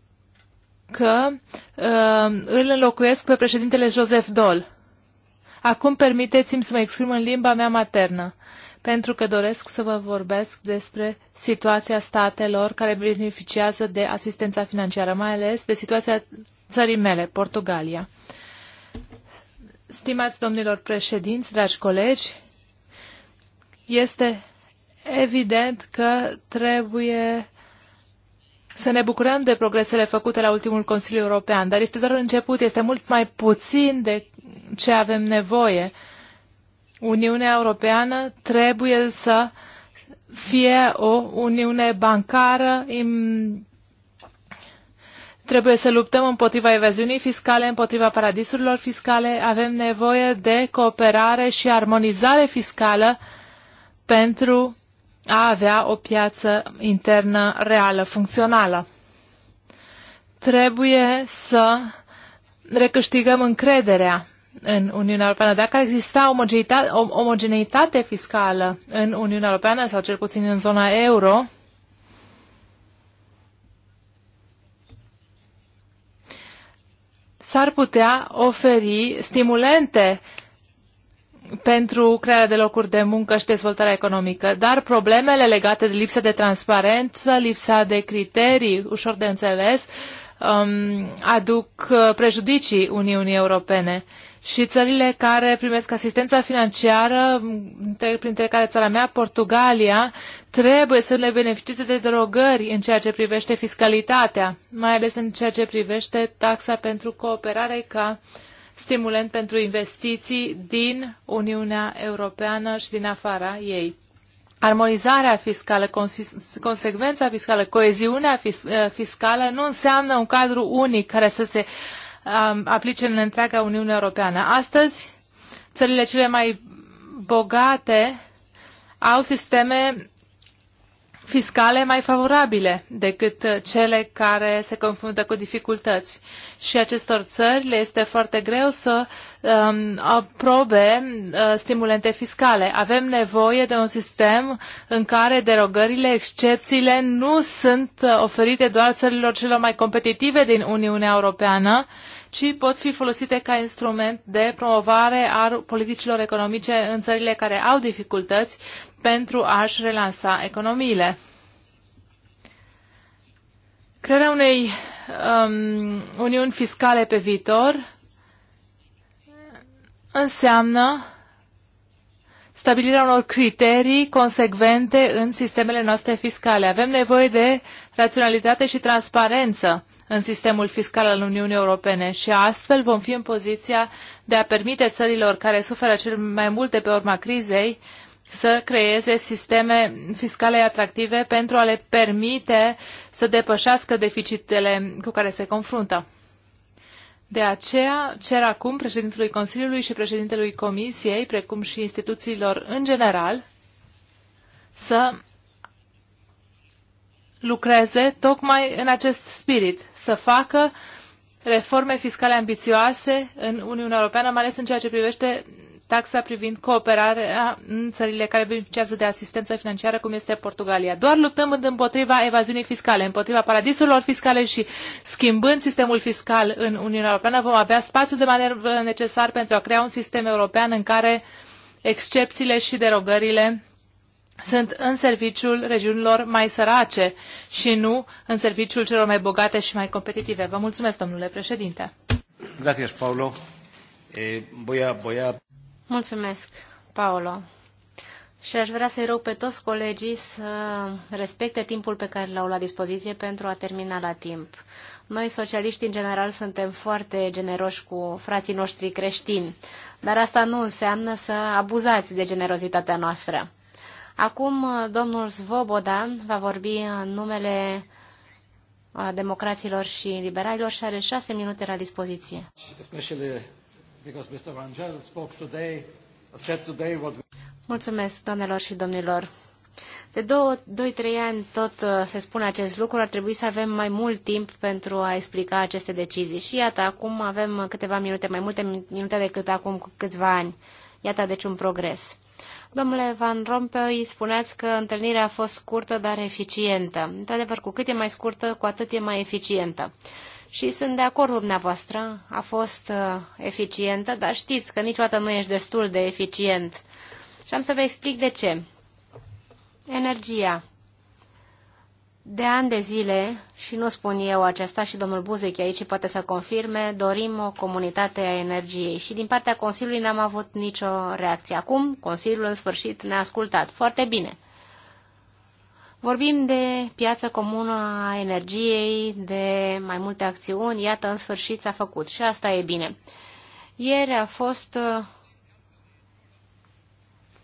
că uh, îl înlocuiesc pe președintele Joseph Dol. Acum permiteți-mi să mă exprim în limba mea maternă, pentru că doresc să vă vorbesc despre situația statelor care beneficiază de asistența financiară, mai ales de situația țării mele, Portugalia. Stimați domnilor președinți, dragi colegi, este evident că trebuie să ne bucurăm de progresele făcute la ultimul Consiliu European, dar este doar început, este mult mai puțin de ce avem nevoie. Uniunea Europeană trebuie să fie o uniune bancară, trebuie să luptăm împotriva evaziunii fiscale, împotriva paradisurilor fiscale, avem nevoie de cooperare și armonizare fiscală pentru a avea o piață internă reală, funcțională. Trebuie să recâștigăm încrederea în Uniunea Europeană. Dacă ar exista omogeneitate, fiscală în Uniunea Europeană sau cel puțin în zona euro, s-ar putea oferi stimulente pentru crearea de locuri de muncă și dezvoltarea economică, dar problemele legate de lipsa de transparență, lipsa de criterii ușor de înțeles, um, aduc uh, prejudicii Uniunii Europene. Și țările care primesc asistența financiară, printre care țara mea, Portugalia, trebuie să le beneficieze de derogări în ceea ce privește fiscalitatea, mai ales în ceea ce privește taxa pentru cooperare ca uh, stimulent pentru investiții din Uniunea Europeană și din afara ei. Armonizarea fiscală, consecvența fiscală, coeziunea fis uh, fiscală nu înseamnă un cadru unic care să se um, aplice în întreaga Uniune Europeană. Astăzi, țările cele mai bogate au sisteme fiscale mai favorabile decât uh, cele care se confruntă cu dificultăți. Și acestor țări le este foarte greu să um, aprobe uh, stimulente fiscale. Avem nevoie de un sistem în care derogările, excepțiile nu sunt uh, oferite doar țărilor celor mai competitive din Uniunea Europeană, ci pot fi folosite ca instrument de promovare a politicilor economice în țările care au dificultăți pentru a-și relansa economiile. Crearea unei um, uniuni fiscale pe viitor înseamnă stabilirea unor criterii consecvente în sistemele noastre fiscale. Avem nevoie de raționalitate și transparență în sistemul fiscal al Uniunii Europene și astfel vom fi în poziția de a permite țărilor care suferă cel mai mult de pe urma crizei să creeze sisteme fiscale atractive pentru a le permite să depășească deficitele cu care se confruntă. De aceea cer acum președintelui Consiliului și președintelui Comisiei, precum și instituțiilor în general, să lucreze tocmai în acest spirit, să facă reforme fiscale ambițioase în Uniunea Europeană, mai ales în ceea ce privește taxa privind cooperarea în țările care beneficiază de asistență financiară, cum este Portugalia. Doar luptăm împotriva evaziunii fiscale, împotriva paradisurilor fiscale și schimbând sistemul fiscal în Uniunea Europeană, vom avea spațiul de manevră necesar pentru a crea un sistem european în care excepțiile și derogările sunt în serviciul regiunilor mai sărace și nu în serviciul celor mai bogate și mai competitive. Vă mulțumesc, domnule președinte. Gracias, Paulo. Eh, voy a, voy a... Mulțumesc, Paolo. Și aș vrea să-i rog pe toți colegii să respecte timpul pe care l-au la dispoziție pentru a termina la timp. Noi, socialiști, în general, suntem foarte generoși cu frații noștri creștini, dar asta nu înseamnă să abuzați de generozitatea noastră. Acum, domnul Svoboda va vorbi în numele democraților și liberalilor și are șase minute la dispoziție because Mr. Rangel spoke today, said today what we... Mulțumesc, doamnelor și domnilor. De 2-3 ani tot uh, se spune acest lucru, ar trebui să avem mai mult timp pentru a explica aceste decizii. Și iată, acum avem câteva minute, mai multe minute decât acum câțiva ani. Iată, deci un progres. Domnule Van Rompuy, spuneați că întâlnirea a fost scurtă, dar eficientă. Într-adevăr, cu cât e mai scurtă, cu atât e mai eficientă și sunt de acord cu dumneavoastră, a fost uh, eficientă, dar știți că niciodată nu ești destul de eficient. Și am să vă explic de ce. Energia. De ani de zile, și nu spun eu aceasta și domnul Buzek aici poate să confirme, dorim o comunitate a energiei și din partea Consiliului n-am avut nicio reacție. Acum Consiliul în sfârșit ne-a ascultat. Foarte bine. Vorbim de piața comună a energiei, de mai multe acțiuni, iată, în sfârșit s-a făcut și asta e bine. Ieri a fost uh,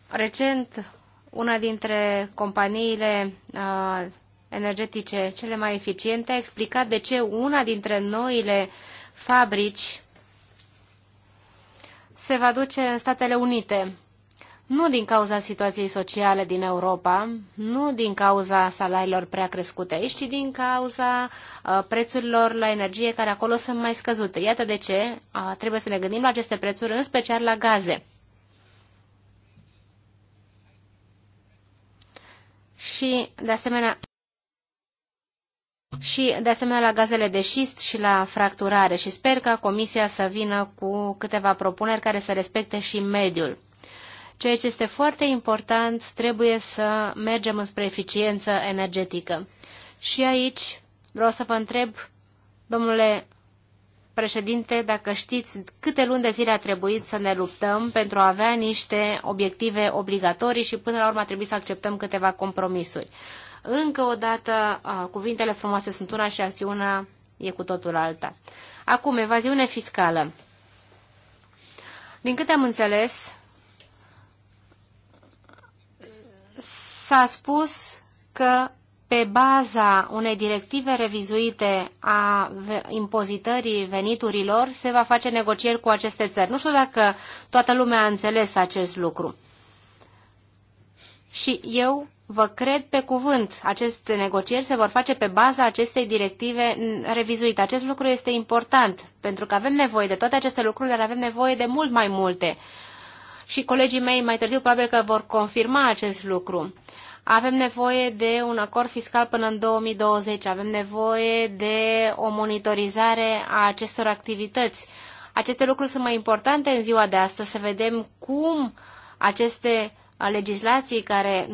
recent una dintre companiile uh, energetice cele mai eficiente a explicat de ce una dintre noile fabrici se va duce în Statele Unite nu din cauza situației sociale din Europa, nu din cauza salariilor prea crescute aici, ci din cauza uh, prețurilor la energie care acolo sunt mai scăzute. Iată de ce uh, trebuie să ne gândim la aceste prețuri, în special la gaze. Și, de asemenea, și, de asemenea, la gazele de șist și la fracturare. Și sper ca Comisia să vină cu câteva propuneri care să respecte și mediul. Ceea ce este foarte important, trebuie să mergem spre eficiență energetică. Și aici vreau să vă întreb, domnule președinte, dacă știți câte luni de zile a trebuit să ne luptăm pentru a avea niște obiective obligatorii și până la urmă a trebuit să acceptăm câteva compromisuri. Încă o dată, cuvintele frumoase sunt una și acțiunea e cu totul alta. Acum, evaziune fiscală. Din câte am înțeles, S-a spus că pe baza unei directive revizuite a impozitării veniturilor se va face negocieri cu aceste țări. Nu știu dacă toată lumea a înțeles acest lucru. Și eu vă cred pe cuvânt, aceste negocieri se vor face pe baza acestei directive revizuite. Acest lucru este important, pentru că avem nevoie de toate aceste lucruri, dar avem nevoie de mult mai multe și colegii mei mai târziu probabil că vor confirma acest lucru. Avem nevoie de un acord fiscal până în 2020, avem nevoie de o monitorizare a acestor activități. Aceste lucruri sunt mai importante în ziua de astăzi, să vedem cum aceste a legislației care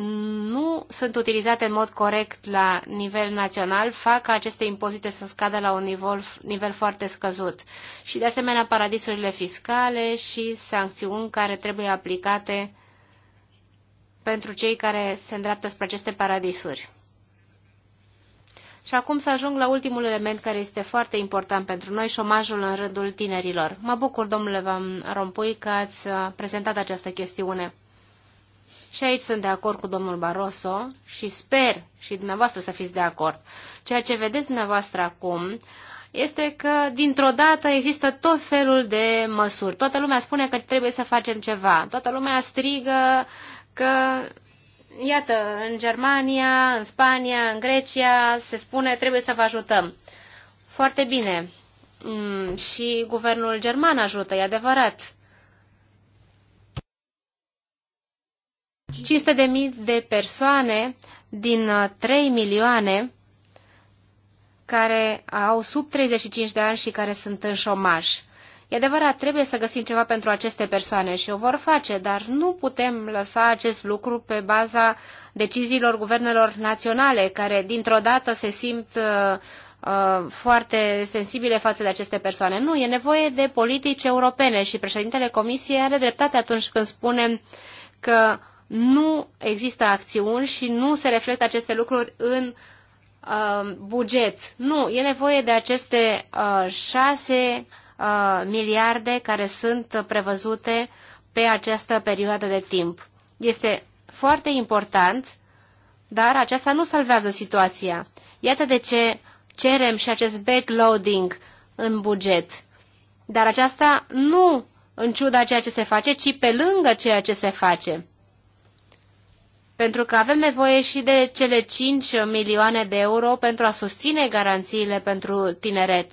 nu sunt utilizate în mod corect la nivel național fac ca aceste impozite să scadă la un nivel, nivel foarte scăzut. Și de asemenea paradisurile fiscale și sancțiuni care trebuie aplicate pentru cei care se îndreaptă spre aceste paradisuri. Și acum să ajung la ultimul element care este foarte important pentru noi, șomajul în rândul tinerilor. Mă bucur, domnule Van Rompuy, că ați prezentat această chestiune. Și aici sunt de acord cu domnul Barroso și sper și dumneavoastră să fiți de acord. Ceea ce vedeți dumneavoastră acum este că dintr-o dată există tot felul de măsuri. Toată lumea spune că trebuie să facem ceva. Toată lumea strigă că iată, în Germania, în Spania, în Grecia se spune trebuie să vă ajutăm. Foarte bine. Mm, și guvernul german ajută, e adevărat. 500 de mii de persoane din 3 uh, milioane care au sub 35 de ani și care sunt în șomaj. E adevărat, trebuie să găsim ceva pentru aceste persoane și o vor face, dar nu putem lăsa acest lucru pe baza deciziilor guvernelor naționale, care dintr-o dată se simt uh, uh foarte sensibile față de aceste persoane. Nu, e nevoie de politici europene și președintele Comisiei are dreptate atunci când spune că nu există acțiuni și nu se reflectă aceste lucruri în uh, buget. Nu, e nevoie de aceste uh, 6 uh, miliarde care sunt prevăzute pe această perioadă de timp. Este foarte important, dar aceasta nu salvează situația. Iată de ce cerem și acest backloading în buget. Dar aceasta nu în ciuda ceea ce se face, ci pe lângă ceea ce se face pentru că avem nevoie și de cele 5 milioane de euro pentru a susține garanțiile pentru tineret.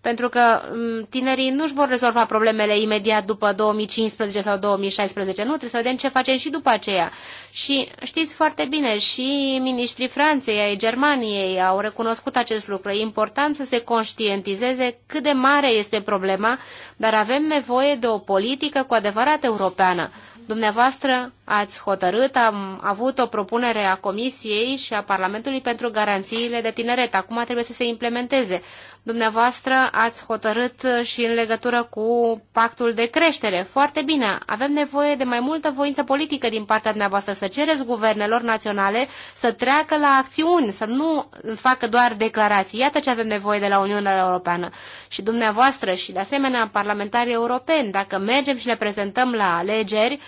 Pentru că mm, tinerii nu își vor rezolva problemele imediat după 2015 sau 2016. Nu, trebuie să vedem ce facem și după aceea. Și știți foarte bine, și ministrii Franței, ai Germaniei au recunoscut acest lucru. E important să se conștientizeze cât de mare este problema, dar avem nevoie de o politică cu adevărat europeană. Dumneavoastră ați hotărât, am avut o propunere a Comisiei și a Parlamentului pentru garanțiile de tineret. Acum trebuie să se implementeze. Dumneavoastră ați hotărât și în legătură cu pactul de creștere. Foarte bine, avem nevoie de mai multă voință politică din partea dumneavoastră, să cereți guvernelor naționale să treacă la acțiuni, să nu facă doar declarații. Iată ce avem nevoie de la Uniunea Europeană. Și dumneavoastră și de asemenea parlamentarii europeni, dacă mergem și le prezentăm la alegeri,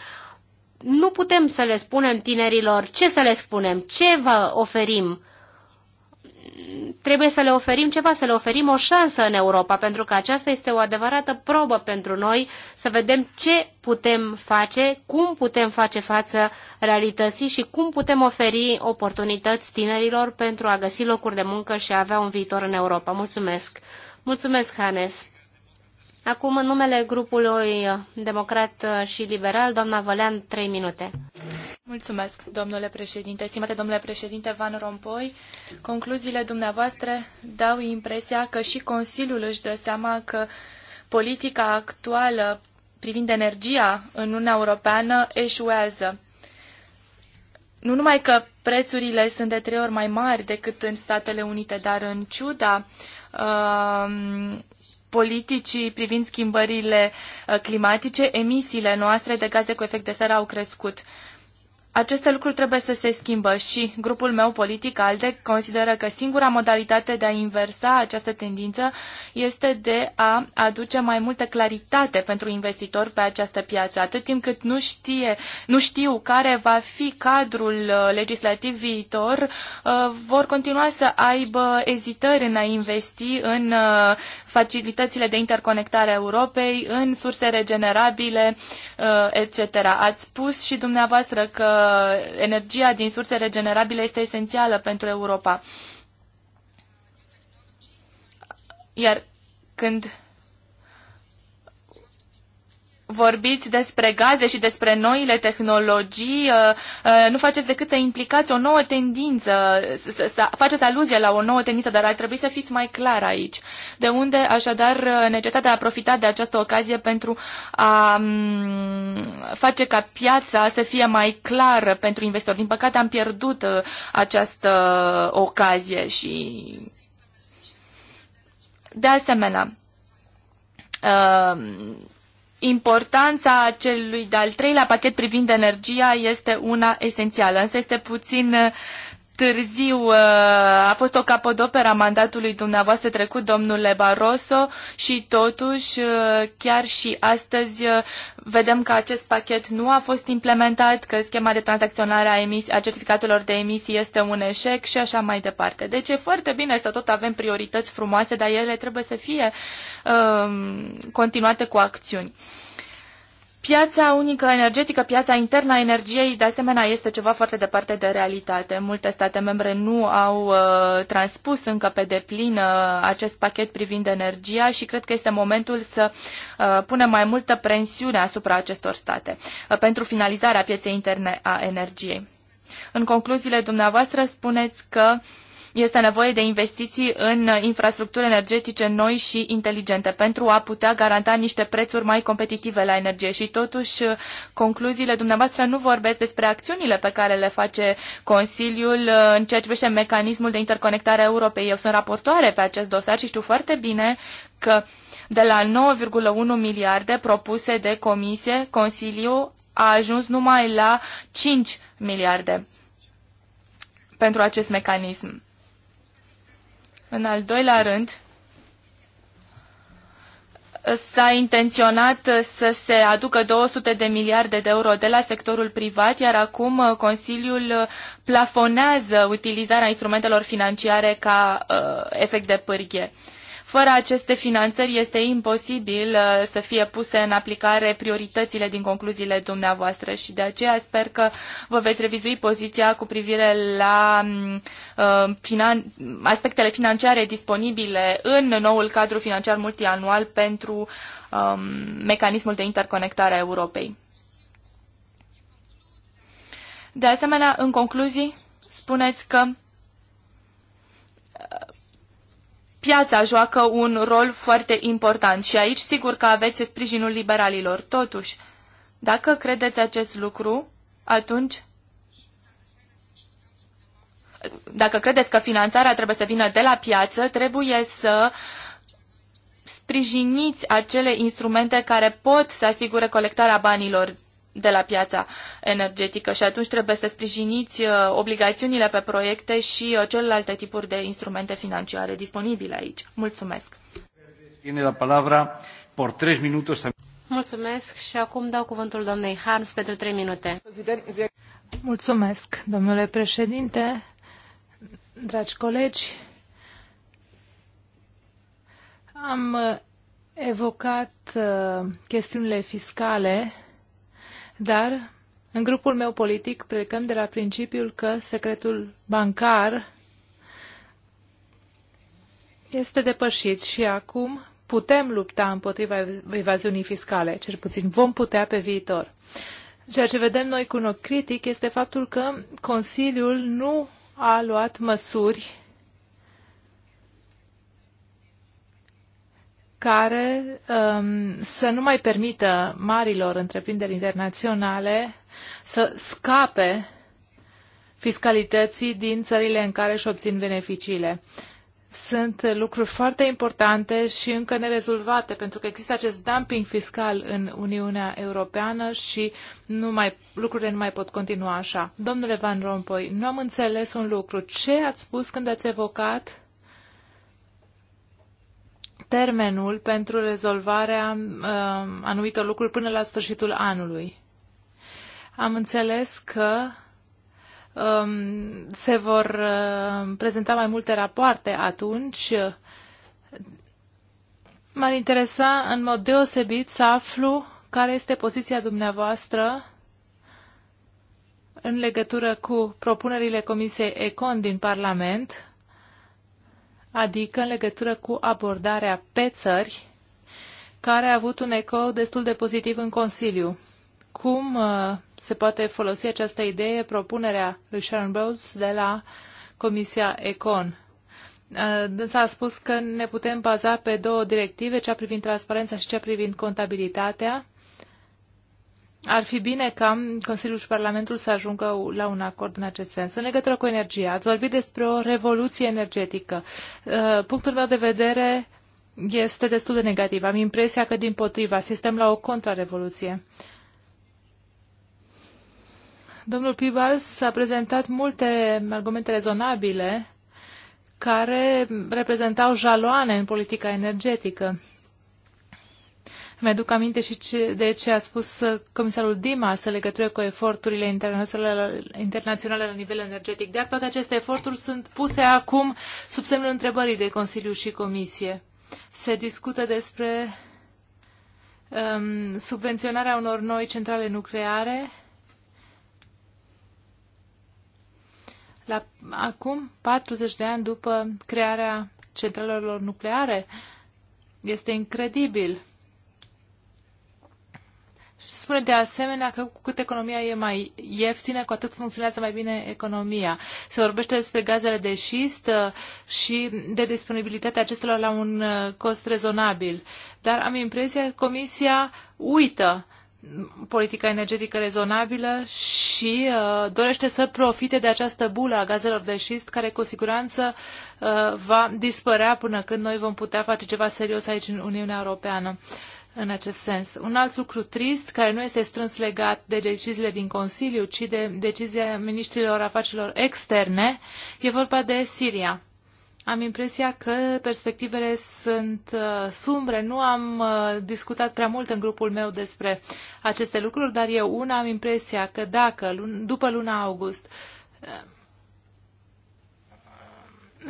nu putem să le spunem tinerilor ce să le spunem, ce vă oferim. Trebuie să le oferim ceva, să le oferim o șansă în Europa, pentru că aceasta este o adevărată probă pentru noi să vedem ce putem face, cum putem face față realității și cum putem oferi oportunități tinerilor pentru a găsi locuri de muncă și a avea un viitor în Europa. Mulțumesc! Mulțumesc, Hanes! Acum, în numele grupului democrat și liberal, doamna Vălean, trei minute. Mulțumesc, domnule președinte. Stimate domnule președinte Van Rompuy, concluziile dumneavoastră dau impresia că și Consiliul își dă seama că politica actuală privind energia în Uniunea Europeană eșuează. Nu numai că prețurile sunt de trei ori mai mari decât în Statele Unite, dar în ciuda uh, politicii privind schimbările uh, climatice, emisiile noastre de gaze cu efect de seră au crescut aceste lucruri trebuie să se schimbă și grupul meu politic, ALDE, consideră că singura modalitate de a inversa această tendință este de a aduce mai multă claritate pentru investitori pe această piață. Atât timp cât nu, știe, nu știu care va fi cadrul uh, legislativ viitor, uh, vor continua să aibă ezitări în a investi în uh, facilitățile de interconectare a Europei, în surse regenerabile, etc. Ați spus și dumneavoastră că Uh, energia din surse regenerabile este esențială pentru Europa. Iar când vorbiți despre gaze și despre noile tehnologii, uh, uh, nu faceți decât să implicați o nouă tendință, să, să faceți aluzie la o nouă tendință, dar ar trebui să fiți mai clar aici. De unde, așadar, uh, necesitatea de a profita de această ocazie pentru a mm, face ca piața să fie mai clară pentru investitori. Din păcate am pierdut această ocazie și... De asemenea, Importanța celui de-al treilea pachet privind energia este una esențială, însă este puțin târziu uh, a fost o capodoperă a mandatului dumneavoastră trecut, domnule Barroso, și totuși, uh, chiar și astăzi, uh, vedem că acest pachet nu a fost implementat, că schema de tranzacționare a, emis- a certificatelor de emisii este un eșec și așa mai departe. Deci e foarte bine să tot avem priorități frumoase, dar ele trebuie să fie um, continuate cu acțiuni. Piața unică energetică, piața internă a energiei, de asemenea, este ceva foarte departe de realitate. Multe state membre nu au uh, transpus încă pe deplin uh, acest pachet privind energia și cred că este momentul să uh, punem mai multă presiune asupra acestor state uh, pentru finalizarea pieței interne a energiei. În concluziile dumneavoastră spuneți că uh, este nevoie de investiții în uh, infrastructuri energetice noi și inteligente pentru a putea garanta niște prețuri mai competitive la energie. Și totuși, uh, concluziile dumneavoastră nu vorbesc despre acțiunile pe care le face Consiliul uh, în ceea ce privește mecanismul de interconectare a Europei. Eu sunt raportoare pe acest dosar și știu foarte bine că de la 9,1 miliarde propuse de comisie, Consiliul a ajuns numai la 5 miliarde pentru acest mecanism. În al doilea rând, s-a intenționat să se aducă 200 de miliarde de euro de la sectorul privat, iar acum uh, Consiliul uh, plafonează utilizarea instrumentelor financiare ca uh, efect de pârghie. Uh, fără aceste finanțări este imposibil uh, să fie puse în aplicare prioritățile din concluziile dumneavoastră și de aceea sper că vă veți revizui poziția cu privire la mm, uh, finan aspectele financiare disponibile în noul cadru financiar multianual pentru um, mecanismul de interconectare a Europei. De asemenea, în concluzii, spuneți că piața joacă un rol foarte important și aici sigur că aveți sprijinul liberalilor. Totuși, dacă credeți acest lucru, atunci dacă credeți că finanțarea trebuie să vină de la piață, trebuie să sprijiniți acele instrumente care pot să asigure colectarea banilor de la piața energetică și atunci trebuie să sprijiniți uh, obligațiunile pe proiecte și uh, celelalte tipuri de instrumente financiare disponibile aici. Mulțumesc! Mulțumesc și acum dau cuvântul doamnei Hans pentru trei minute. Mulțumesc, domnule președinte, dragi colegi. Am uh, evocat chestiunile fiscale dar în grupul meu politic plecăm de la principiul că secretul bancar este depășit și acum putem lupta împotriva evaziunii fiscale, cel puțin vom putea pe viitor. Ceea ce vedem noi cu un ochi critic este faptul că Consiliul nu a luat măsuri care um, să nu mai permită marilor întreprinderi internaționale să scape fiscalității din țările în care își obțin beneficiile. Sunt lucruri foarte importante și încă nerezolvate, pentru că există acest dumping fiscal în Uniunea Europeană și nu mai, lucrurile nu mai pot continua așa. Domnule Van Rompuy, nu am înțeles un lucru. Ce ați spus când ați evocat termenul pentru rezolvarea uh, anumitor lucruri până la sfârșitul anului. Am înțeles că um, se vor uh, prezenta mai multe rapoarte atunci. M-ar interesa în mod deosebit să aflu care este poziția dumneavoastră în legătură cu propunerile Comisiei Econ din Parlament adică în legătură cu abordarea pe țări, care a avut un eco destul de pozitiv în Consiliu. Cum uh, se poate folosi această idee, propunerea lui Sharon Bowles de la Comisia Econ? Uh, s-a spus că ne putem baza pe două directive, cea privind transparența și cea privind contabilitatea, ar fi bine ca Consiliul și Parlamentul să ajungă la un acord în acest sens. În legătură cu energia, ați vorbit despre o revoluție energetică. Uh, punctul meu de vedere este destul de negativ. Am impresia că, din potriva, asistăm la o contrarevoluție. Domnul Pibals a prezentat multe argumente rezonabile care reprezentau jaloane în politica energetică. Mi-aduc aminte și ce, de ce a spus uh, comisarul Dimas să legătură cu eforturile internaționale, internaționale la nivel energetic. Dar toate aceste eforturi sunt puse acum sub semnul întrebării de Consiliu și Comisie. Se discută despre um, subvenționarea unor noi centrale nucleare. La, acum, 40 de ani după crearea centralelor nucleare, este incredibil. Se spune de asemenea că cu cât economia e mai ieftină, cu atât funcționează mai bine economia. Se vorbește despre gazele de șist uh, și de disponibilitatea acestora la un uh, cost rezonabil. Dar am impresia că Comisia uită politica energetică rezonabilă și uh, dorește să profite de această bulă a gazelor de șist care cu siguranță uh, va dispărea până când noi vom putea face ceva serios aici în Uniunea Europeană. Uh, în acest sens. Un alt lucru trist, care nu este strâns legat de deciziile din Consiliu, ci de decizia ministrilor afacerilor externe, e vorba de Siria. Am impresia că perspectivele sunt uh, sumbre. Nu am uh, discutat prea mult în grupul meu despre aceste lucruri, dar eu una am impresia că dacă, lun- după luna august, uh,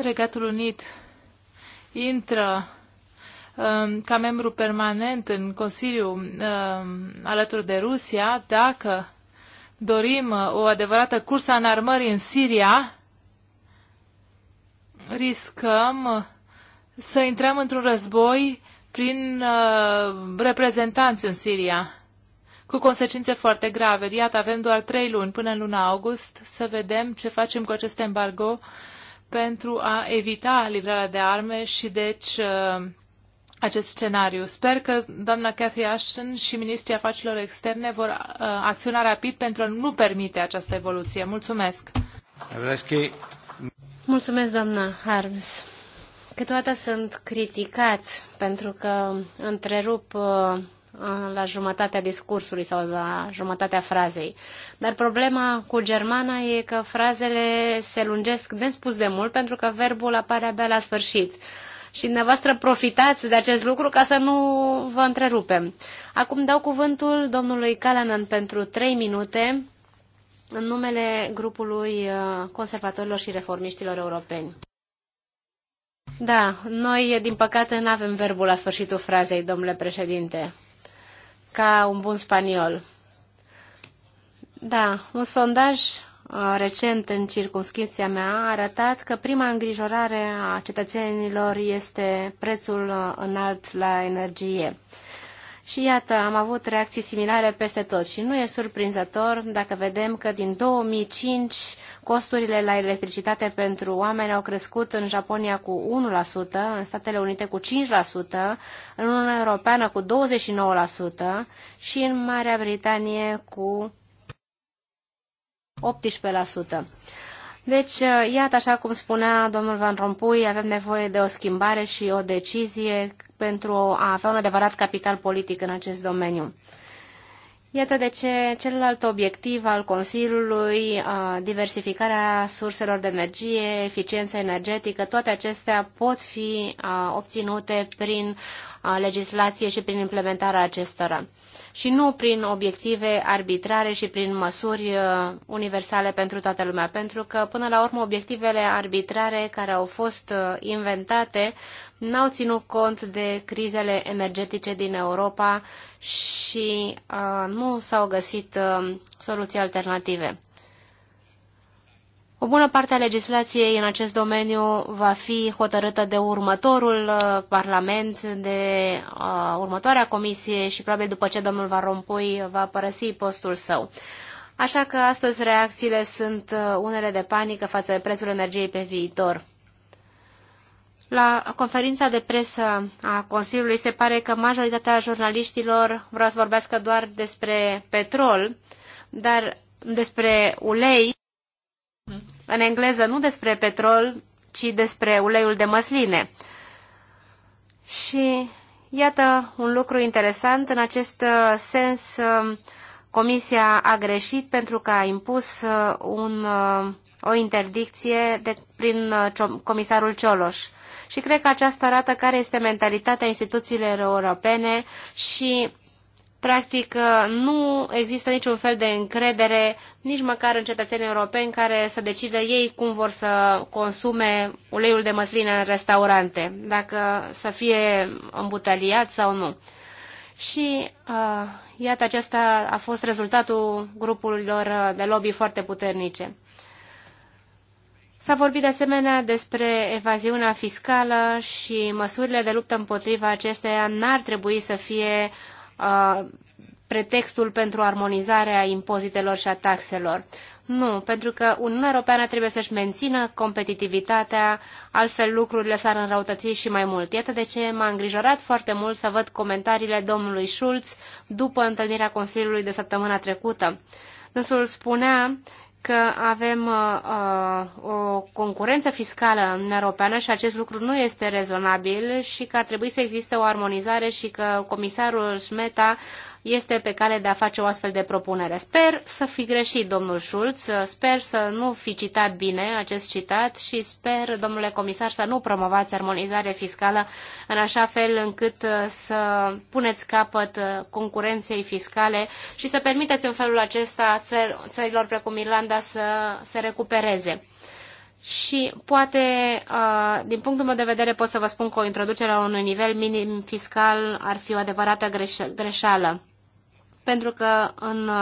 Regatul Unit intră Um, ca membru permanent în Consiliu um, alături de Rusia, dacă dorim uh, o adevărată cursă în armării în Siria, riscăm uh, să intrăm într-un război prin uh, reprezentanți în Siria cu consecințe foarte grave. Iată, avem doar trei luni până în luna august să vedem ce facem cu acest embargo pentru a evita livrarea de arme și deci acest scenariu. Sper că doamna Cathy Ashton și ministrii afacerilor externe vor uh, acționa rapid pentru a nu permite această evoluție. Mulțumesc! Mulțumesc, doamna Harms. Câteodată sunt criticați pentru că întrerup uh, la jumătatea discursului sau la jumătatea frazei. Dar problema cu germana e că frazele se lungesc nespus de mult pentru că verbul apare abia la sfârșit. Uh, și dumneavoastră profitați de acest lucru ca să nu vă întrerupem. Acum dau cuvântul domnului Calanan pentru trei minute în numele grupului uh, conservatorilor și reformiștilor europeni. Da, noi, din păcate, nu avem verbul la sfârșitul frazei, domnule președinte, ca un bun spaniol. Da, un sondaj recent în circunscripția mea a arătat că prima îngrijorare a cetățenilor este prețul uh, înalt la energie. Și iată, am avut reacții similare peste tot și nu e surprinzător dacă vedem că din 2005 costurile la electricitate pentru oameni au crescut în Japonia cu 1%, în Statele Unite cu 5%, în Uniunea Europeană cu 29% și în Marea Britanie cu 18%. Deci, uh, iată, așa cum spunea domnul Van Rompuy, avem nevoie de o schimbare și o decizie pentru a avea un adevărat capital politic în acest domeniu. Iată de ce celălalt obiectiv al Consiliului, uh, diversificarea surselor de energie, eficiența energetică, toate acestea pot fi uh, obținute prin legislație și prin implementarea acestora și nu prin obiective arbitrare și prin măsuri uh, universale pentru toată lumea, pentru că până la urmă obiectivele arbitrare care au fost uh, inventate n-au ținut cont de crizele energetice din Europa și uh, nu s-au găsit uh, soluții alternative. O bună parte a legislației în acest domeniu va fi hotărâtă de următorul uh, Parlament, de uh, următoarea comisie și probabil după ce domnul Van Rompuy va părăsi postul său. Așa că astăzi reacțiile sunt uh, unele de panică față de prețul energiei pe viitor. La conferința de presă a Consiliului se pare că majoritatea jurnaliștilor vreau să vorbească doar despre petrol, dar despre ulei în engleză nu despre petrol, ci despre uleiul de măsline. Și iată un lucru interesant. În acest uh, sens, uh, Comisia a greșit pentru că a impus uh, un, o interdicție de, prin comisarul Cioloș. Și cred că aceasta arată care este mentalitatea instituțiilor europene și practic nu există niciun fel de încredere nici măcar în cetățenii europeni care să decidă ei cum vor să consume uleiul de măsline în restaurante, dacă să fie îmbuteliat sau nu. Și uh, iată, acesta a fost rezultatul grupurilor uh, de lobby foarte puternice. S-a vorbit de asemenea despre evaziunea fiscală și măsurile de luptă împotriva acesteia n-ar trebui să fie pretextul pentru armonizarea impozitelor și a taxelor. Nu, pentru că Uniunea Europeană trebuie să-și mențină competitivitatea, altfel lucrurile s-ar înrăutăți și mai mult. Iată de ce m-a îngrijorat foarte mult să văd comentariile domnului Schulz după întâlnirea Consiliului de săptămâna trecută. Însul spunea că avem uh, uh, o concurență fiscală în europeană și acest lucru nu este rezonabil și că ar trebui să existe o armonizare și că comisarul Smeta este pe cale de a face o astfel de propunere. Sper să fi greșit, domnul Schulz, sper să nu fi citat bine acest citat și sper, domnule comisar, să nu promovați armonizare fiscală în așa fel încât uh, să puneți capăt uh, concurenței fiscale și să permiteți în felul acesta țări, țărilor precum Irlanda să se recupereze. Și poate, uh, din punctul meu de vedere, pot să vă spun că o introducere la un nivel minim fiscal ar fi o adevărată greșeală pentru că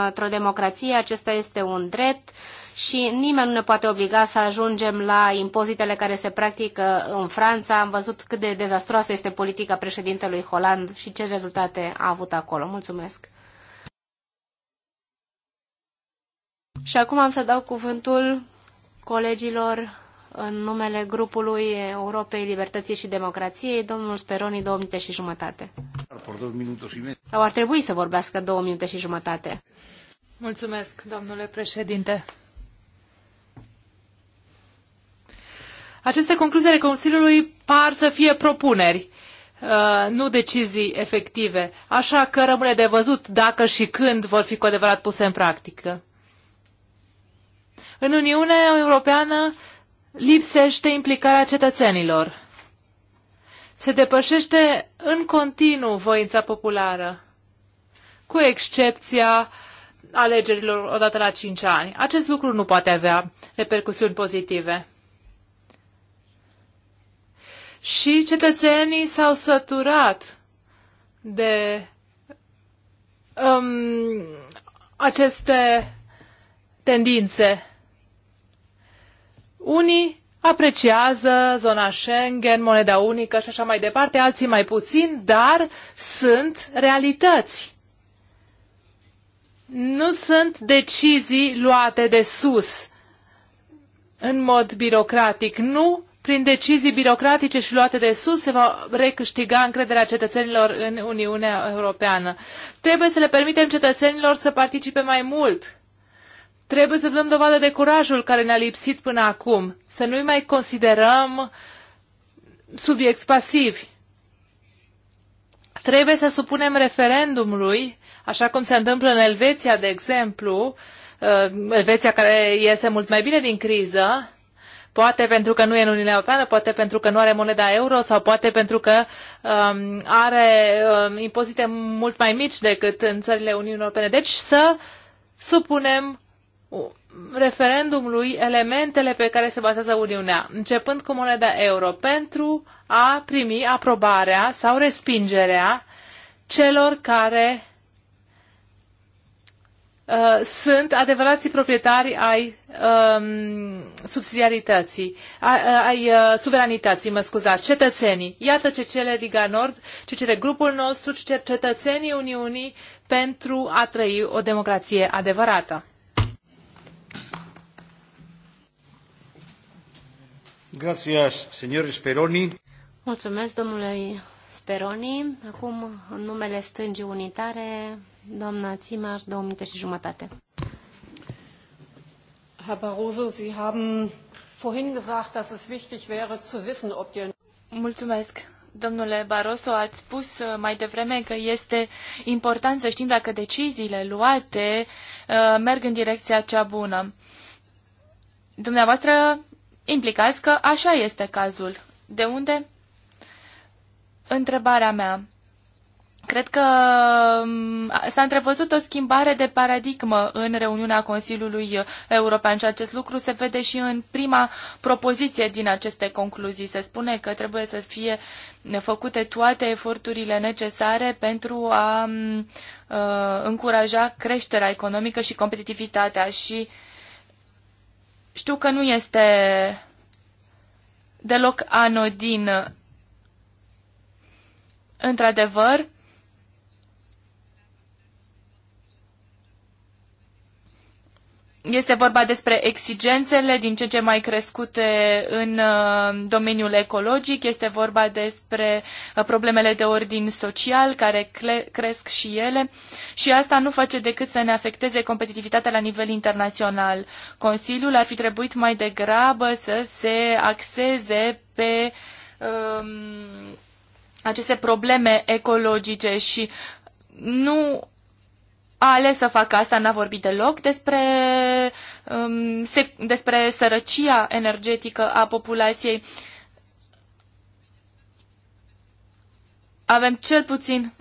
într-o democrație acesta este un drept și nimeni nu ne poate obliga să ajungem la impozitele care se practică în Franța. Am văzut cât de dezastroasă este politica președintelui Holland și ce rezultate a avut acolo. Mulțumesc! Și acum am să dau cuvântul colegilor în numele grupului Europei Libertății și Democrației, domnul Speroni, două minute și jumătate. Sau ar trebui să vorbească două minute și jumătate. Mulțumesc, domnule președinte. Aceste concluzii ale Consiliului par să fie propuneri, uh, nu decizii efective, așa că rămâne de văzut dacă și când vor fi cu adevărat puse în practică. În Uniunea Europeană lipsește implicarea cetățenilor. Se depășește în continuu voința populară, cu excepția alegerilor odată la cinci ani. Acest lucru nu poate avea repercusiuni pozitive. Și cetățenii s-au săturat de um, aceste tendințe unii apreciază zona Schengen, moneda unică și așa mai departe, alții mai puțin, dar sunt realități. Nu sunt decizii luate de sus în mod birocratic. Nu prin decizii birocratice și luate de sus se va recâștiga încrederea cetățenilor în Uniunea Europeană. Trebuie să le permitem cetățenilor să participe mai mult Trebuie să dăm dovadă de curajul care ne-a lipsit până acum, să nu-i mai considerăm subiecti pasivi. Trebuie să supunem referendumului, așa cum se întâmplă în Elveția, de exemplu, uh, Elveția care iese mult mai bine din criză, poate pentru că nu e în Uniunea Europeană, poate pentru că nu are moneda euro sau poate pentru că um, are um, impozite mult mai mici decât în țările Uniunii Europene. Deci să supunem referendumului elementele pe care se bazează Uniunea, începând cu moneda euro, pentru a primi aprobarea sau respingerea celor care uh, sunt adevărații proprietari ai um, subsidiarității, ai uh, suveranității, mă scuzați, cetățenii. Iată ce cere Liga Nord, ce cere grupul nostru, ce cetățenii Uniunii pentru a trăi o democrație adevărată. Mulțumesc, domnului Speroni. Acum, în numele stângii unitare, doamna Țimar, două minute și jumătate. Herr Barroso, Sie haben vorhin gesagt, dass es wichtig wäre zu wissen, ob die... Mulțumesc. Domnule Barroso, ați spus uh, mai devreme că este important să știm dacă deciziile luate uh, merg în direcția cea bună. Dumneavoastră implicați că așa este cazul. De unde? Întrebarea mea. Cred că mm, s-a întrevăzut o schimbare de paradigmă în reuniunea Consiliului European și acest lucru se vede și în prima propoziție din aceste concluzii. Se spune că trebuie să fie făcute toate eforturile necesare pentru a mm, uh, încuraja creșterea economică și competitivitatea și uh, știu că nu este deloc anodin. Într-adevăr, Este vorba despre exigențele din ce ce mai crescute în uh, domeniul ecologic, este vorba despre uh, problemele de ordin social care cresc și ele și asta nu face decât să ne afecteze competitivitatea la nivel internațional. Consiliul ar fi trebuit mai degrabă să se axeze pe um, aceste probleme ecologice și nu a ales să facă asta, n-a vorbit deloc despre, um, se, despre sărăcia energetică a populației. Avem cel puțin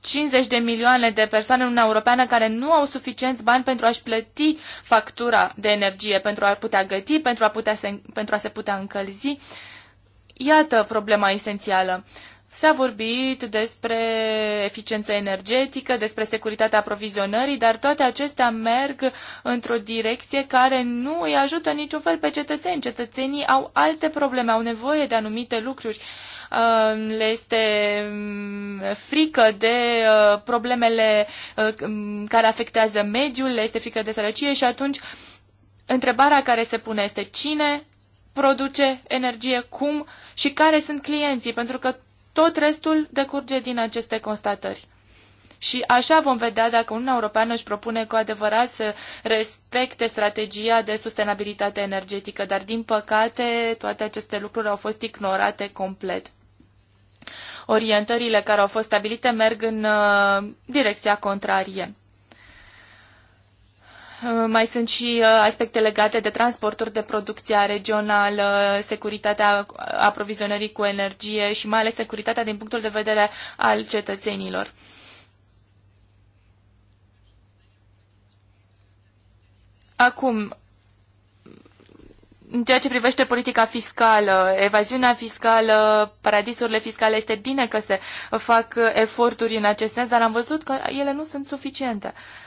50 de milioane de persoane în Uniunea Europeană care nu au suficienți bani pentru a-și plăti factura de energie, pentru a putea găti, pentru a, putea se, pentru a se putea încălzi. Iată problema esențială. Uh, S-a vorbit despre eficiența energetică, despre securitatea aprovizionării, dar toate acestea merg într-o direcție care nu îi ajută niciun fel pe cetățeni. Cetățenii au alte probleme, au nevoie de anumite lucruri. Uh, le este mm, frică de uh, problemele uh, mm, care afectează mediul, le este frică de sărăcie și atunci întrebarea care se pune este cine produce energie, cum și care sunt clienții, pentru că tot restul decurge din aceste constatări. Și așa vom vedea dacă Uniunea Europeană își propune cu adevărat să respecte strategia de sustenabilitate energetică, dar din păcate toate aceste lucruri au fost ignorate complet. Orientările care au fost stabilite merg în uh, direcția contrarie. Uh, mai sunt și uh, aspecte legate de transporturi, de producția regională, securitatea aprovizionării cu energie și mai ales securitatea din punctul de vedere al cetățenilor. Acum, în ceea ce privește politica fiscală, evaziunea fiscală, paradisurile fiscale, este bine că se fac eforturi în acest sens, dar am văzut că ele nu sunt suficiente. Uh,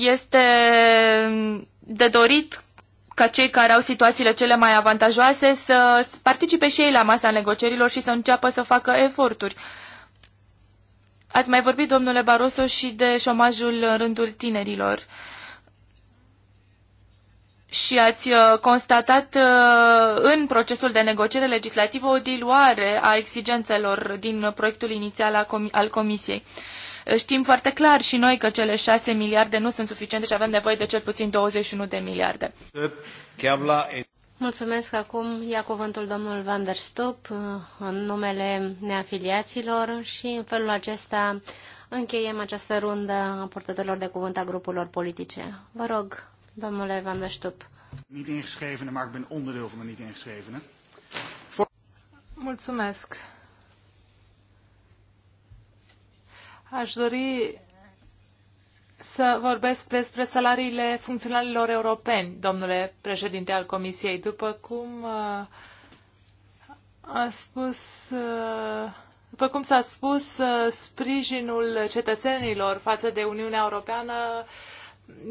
este de dorit ca cei care au situațiile cele mai avantajoase să participe și ei la masa negocierilor și să înceapă să facă eforturi. Ați mai vorbit, domnule Barroso, și de șomajul în rândul tinerilor. Și ați uh, constatat uh, în procesul de negociere legislativă o diluare a exigențelor din proiectul inițial al Comisiei. Știm foarte clar și noi că cele 6 miliarde nu sunt suficiente și avem nevoie de cel puțin 21 de miliarde. Mulțumesc. Acum ia cuvântul domnul Van der Stup uh, în numele neafiliaților și în felul acesta încheiem această rundă a portătorilor de cuvânt a grupurilor politice. Vă rog, domnule Van der Stup. de Mulțumesc. Aș dori să vorbesc despre salariile funcționarilor europeni, domnule președinte al Comisiei. După cum uh, a spus, uh, după cum s-a spus, uh, sprijinul cetățenilor față de Uniunea Europeană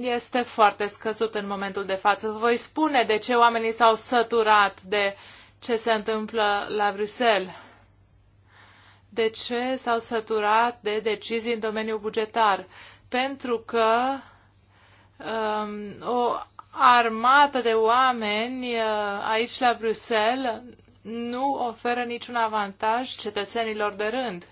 este foarte scăzut în momentul de față. Vă voi spune de ce oamenii s-au săturat de ce se întâmplă la Bruxelles de ce s-au săturat de decizii în domeniul bugetar. Pentru că um, o armată de oameni uh, aici la Bruxelles nu oferă niciun avantaj cetățenilor de rând.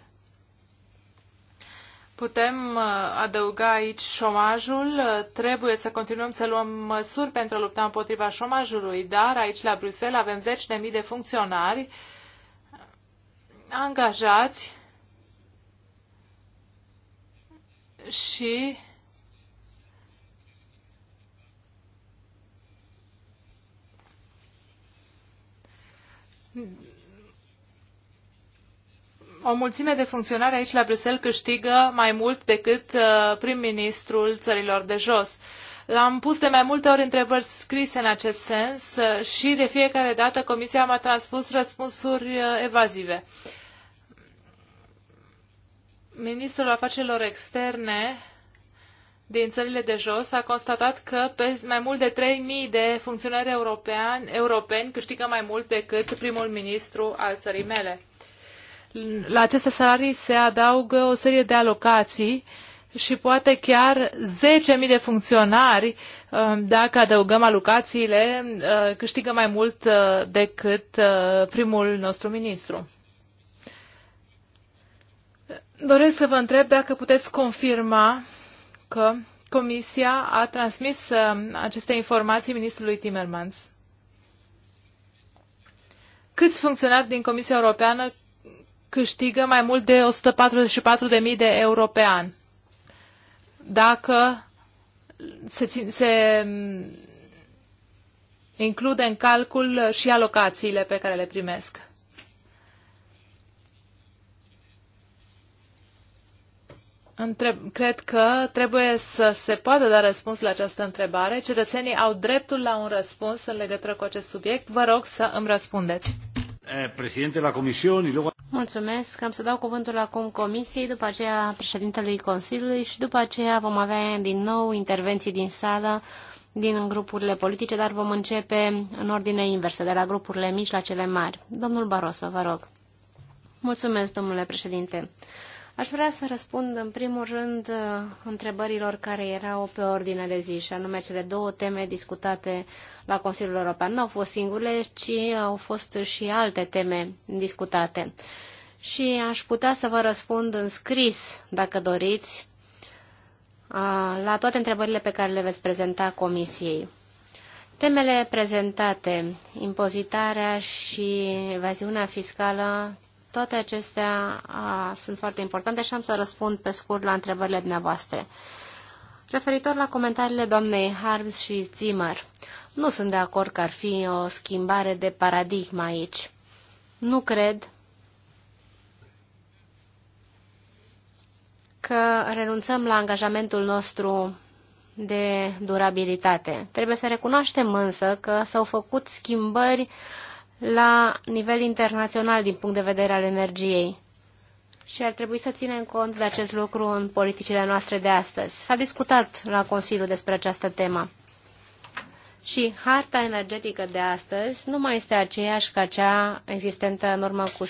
Putem uh, adăuga aici șomajul. Uh, trebuie să continuăm să luăm măsuri pentru a lupta împotriva șomajului, dar aici la Bruxelles avem zeci de mii de funcționari uh, angajați și o mulțime de funcționari aici la Bruxelles câștigă mai mult decât uh, prim-ministrul țărilor de jos. L-am pus de mai multe ori întrebări scrise în acest sens uh, și de fiecare dată Comisia m-a transpus răspunsuri uh, evazive ministrul afacerilor externe din țările de jos a constatat că pe mai mult de 3.000 de funcționari europeani, europeni câștigă mai mult decât primul ministru al țării mele. La aceste salarii se adaugă o serie de alocații și poate chiar 10.000 de funcționari, uh, dacă adăugăm alocațiile, uh, câștigă mai mult uh, decât primul nostru ministru. Doresc să vă întreb dacă puteți confirma că Comisia a transmis uh, aceste informații ministrului Timmermans. Câți funcționari din Comisia Europeană câștigă mai mult de 144.000 de euro pe an? Dacă se, țin, se mm, include în calcul și alocațiile pe care le primesc. Întreb, cred că trebuie să se poată da răspuns la această întrebare. Cetățenii au dreptul la un răspuns în legătură cu acest subiect. Vă rog să îmi răspundeți. Eh, președinte la Comisiune, luego... Mulțumesc. Am să dau cuvântul acum Comisiei, după aceea președintelui Consiliului și după aceea vom avea din nou intervenții din sală din grupurile politice, dar vom începe în ordine inversă, de la grupurile mici la cele mari. Domnul Barroso, vă rog. Mulțumesc, domnule președinte. Aș vrea să răspund în primul rând uh, întrebărilor care erau pe ordine de zi, și anume cele două teme discutate la Consiliul European. Nu au fost singure, ci au fost și alte teme discutate. Și aș putea să vă răspund în scris, dacă doriți, uh, la toate întrebările pe care le veți prezenta Comisiei. Temele prezentate, impozitarea și evaziunea fiscală, toate acestea a, sunt foarte importante și am să răspund pe scurt la întrebările dumneavoastră. Referitor la comentariile doamnei Harms și Zimmer, nu sunt de acord că ar fi o schimbare de paradigmă aici. Nu cred că renunțăm la angajamentul nostru de durabilitate. Trebuie să recunoaștem însă că s-au făcut schimbări uh, la nivel internațional din punct de vedere al energiei. Și ar trebui să ținem cont de acest lucru în politicile noastre de astăzi. S-a discutat la Consiliu despre această temă. Și harta energetică de astăzi nu mai este aceeași ca cea existentă în urmă cu 6-7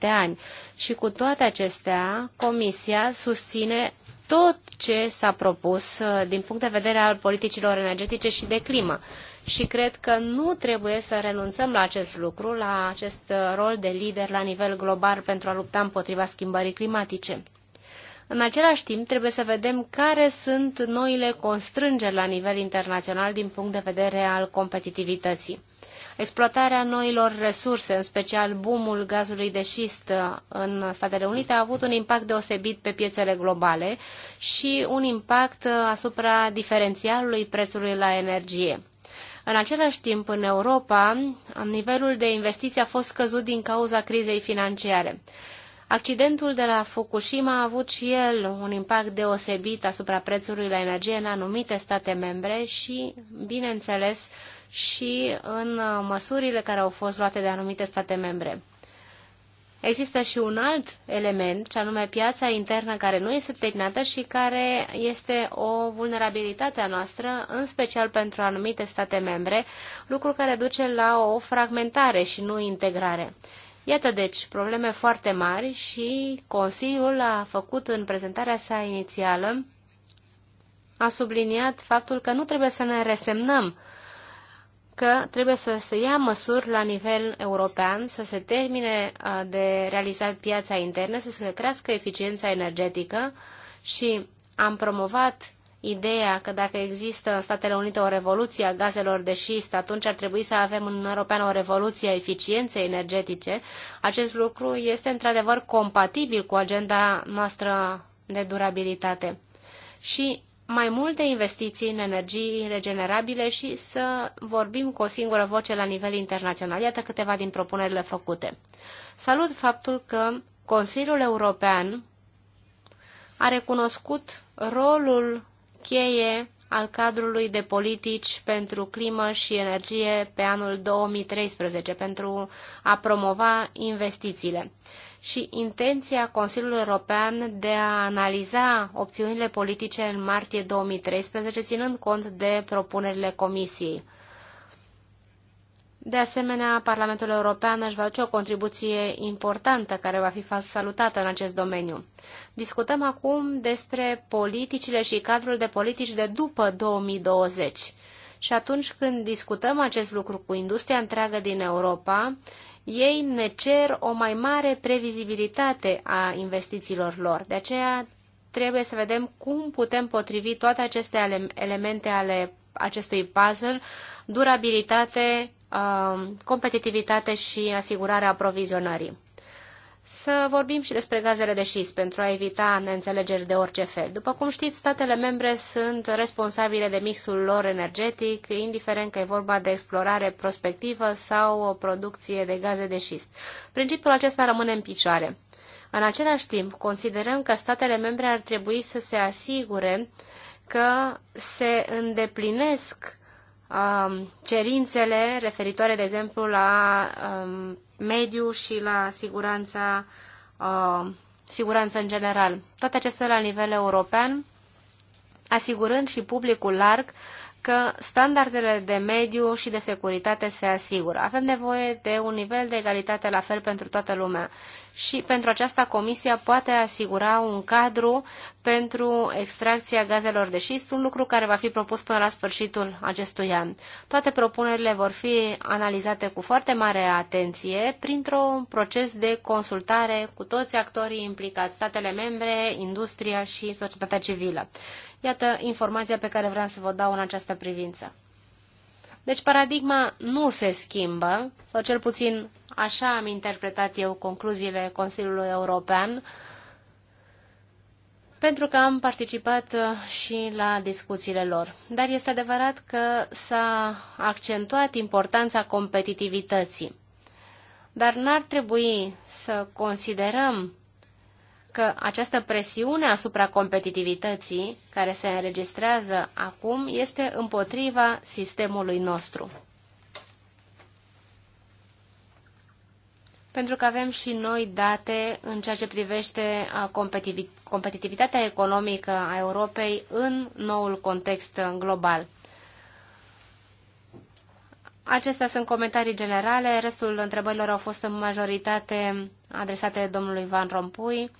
ani. Și cu toate acestea, Comisia susține tot ce s-a propus uh, din punct de vedere al politicilor energetice și de climă și cred că nu trebuie să renunțăm la acest lucru, la acest uh, rol de lider la nivel global pentru a lupta împotriva schimbării climatice. În același timp, trebuie să vedem care sunt noile constrângeri la nivel internațional din punct de vedere al competitivității. Exploatarea noilor resurse, în special boomul gazului de șist uh, în Statele Unite, a avut un impact deosebit pe piețele globale și un impact uh, asupra diferențialului prețului la energie. În același timp, în Europa, nivelul de investiții a fost scăzut din cauza crizei financiare. Accidentul de la Fukushima a avut și el un impact deosebit asupra prețului la energie în anumite state membre și, bineînțeles, și în uh, măsurile care au fost luate de anumite state membre. Există și un alt element, și anume piața internă care nu este terminată și care este o vulnerabilitate a noastră, în special pentru anumite state membre, lucru care duce la o fragmentare și nu integrare. Iată deci probleme foarte mari și Consiliul a făcut în prezentarea sa inițială, a subliniat faptul că nu trebuie să ne resemnăm că trebuie să se ia măsuri la nivel european, să se termine de realizat piața internă, să se crească eficiența energetică și am promovat ideea că dacă există în Statele Unite o revoluție a gazelor de șist, atunci ar trebui să avem în Uniunea Europeană o revoluție a eficienței energetice. Acest lucru este într-adevăr compatibil cu agenda noastră de durabilitate. Și mai multe investiții în energii regenerabile și să vorbim cu o singură voce la nivel internațional. Iată câteva din propunerile făcute. Salut faptul că Consiliul European a recunoscut rolul cheie al cadrului de politici pentru climă și energie pe anul 2013 pentru a promova investițiile și intenția Consiliului European de a analiza opțiunile politice în martie 2013, ținând cont de propunerile Comisiei. De asemenea, Parlamentul European își va duce o contribuție importantă care va fi salutată în acest domeniu. Discutăm acum despre politicile și cadrul de politici de după 2020. Și atunci când discutăm acest lucru cu industria întreagă din Europa, ei ne cer o mai mare previzibilitate a investițiilor lor. De aceea trebuie să vedem cum putem potrivi toate aceste elemente ale acestui puzzle, durabilitate, um, competitivitate și asigurarea aprovizionării să vorbim și despre gazele de șist pentru a evita neînțelegeri de orice fel. După cum știți, statele membre sunt responsabile de mixul lor energetic, indiferent că e vorba de explorare prospectivă sau o producție de gaze de șist. Principiul acesta rămâne în picioare. În același timp, considerăm că statele membre ar trebui să se asigure că se îndeplinesc um, cerințele referitoare, de exemplu, la um, mediu și la siguranța, uh, siguranța în general. Toate acestea la nivel european, asigurând și publicul larg uh, că standardele de mediu și de securitate se asigură. Avem nevoie de un nivel de egalitate la fel pentru toată lumea și pentru aceasta Comisia poate asigura un cadru pentru extracția gazelor de șist, un lucru care va fi propus până la sfârșitul acestui an. Toate propunerile vor fi analizate cu foarte mare atenție printr-un proces de consultare cu toți actorii implicați, statele membre, industria și societatea civilă. Iată informația pe care vreau să vă dau în această privință. Deci paradigma nu se schimbă, sau cel puțin așa am interpretat eu concluziile Consiliului European, pentru că am participat uh, și la discuțiile lor. Dar este adevărat că s-a accentuat importanța competitivității. Dar n-ar trebui să considerăm că această presiune asupra competitivității care se înregistrează acum este împotriva sistemului nostru. Pentru că avem și noi date în ceea ce privește competitivitatea economică a Europei în noul context global. Acestea sunt comentarii generale, restul întrebărilor au fost în majoritate adresate domnului Van Rompuy.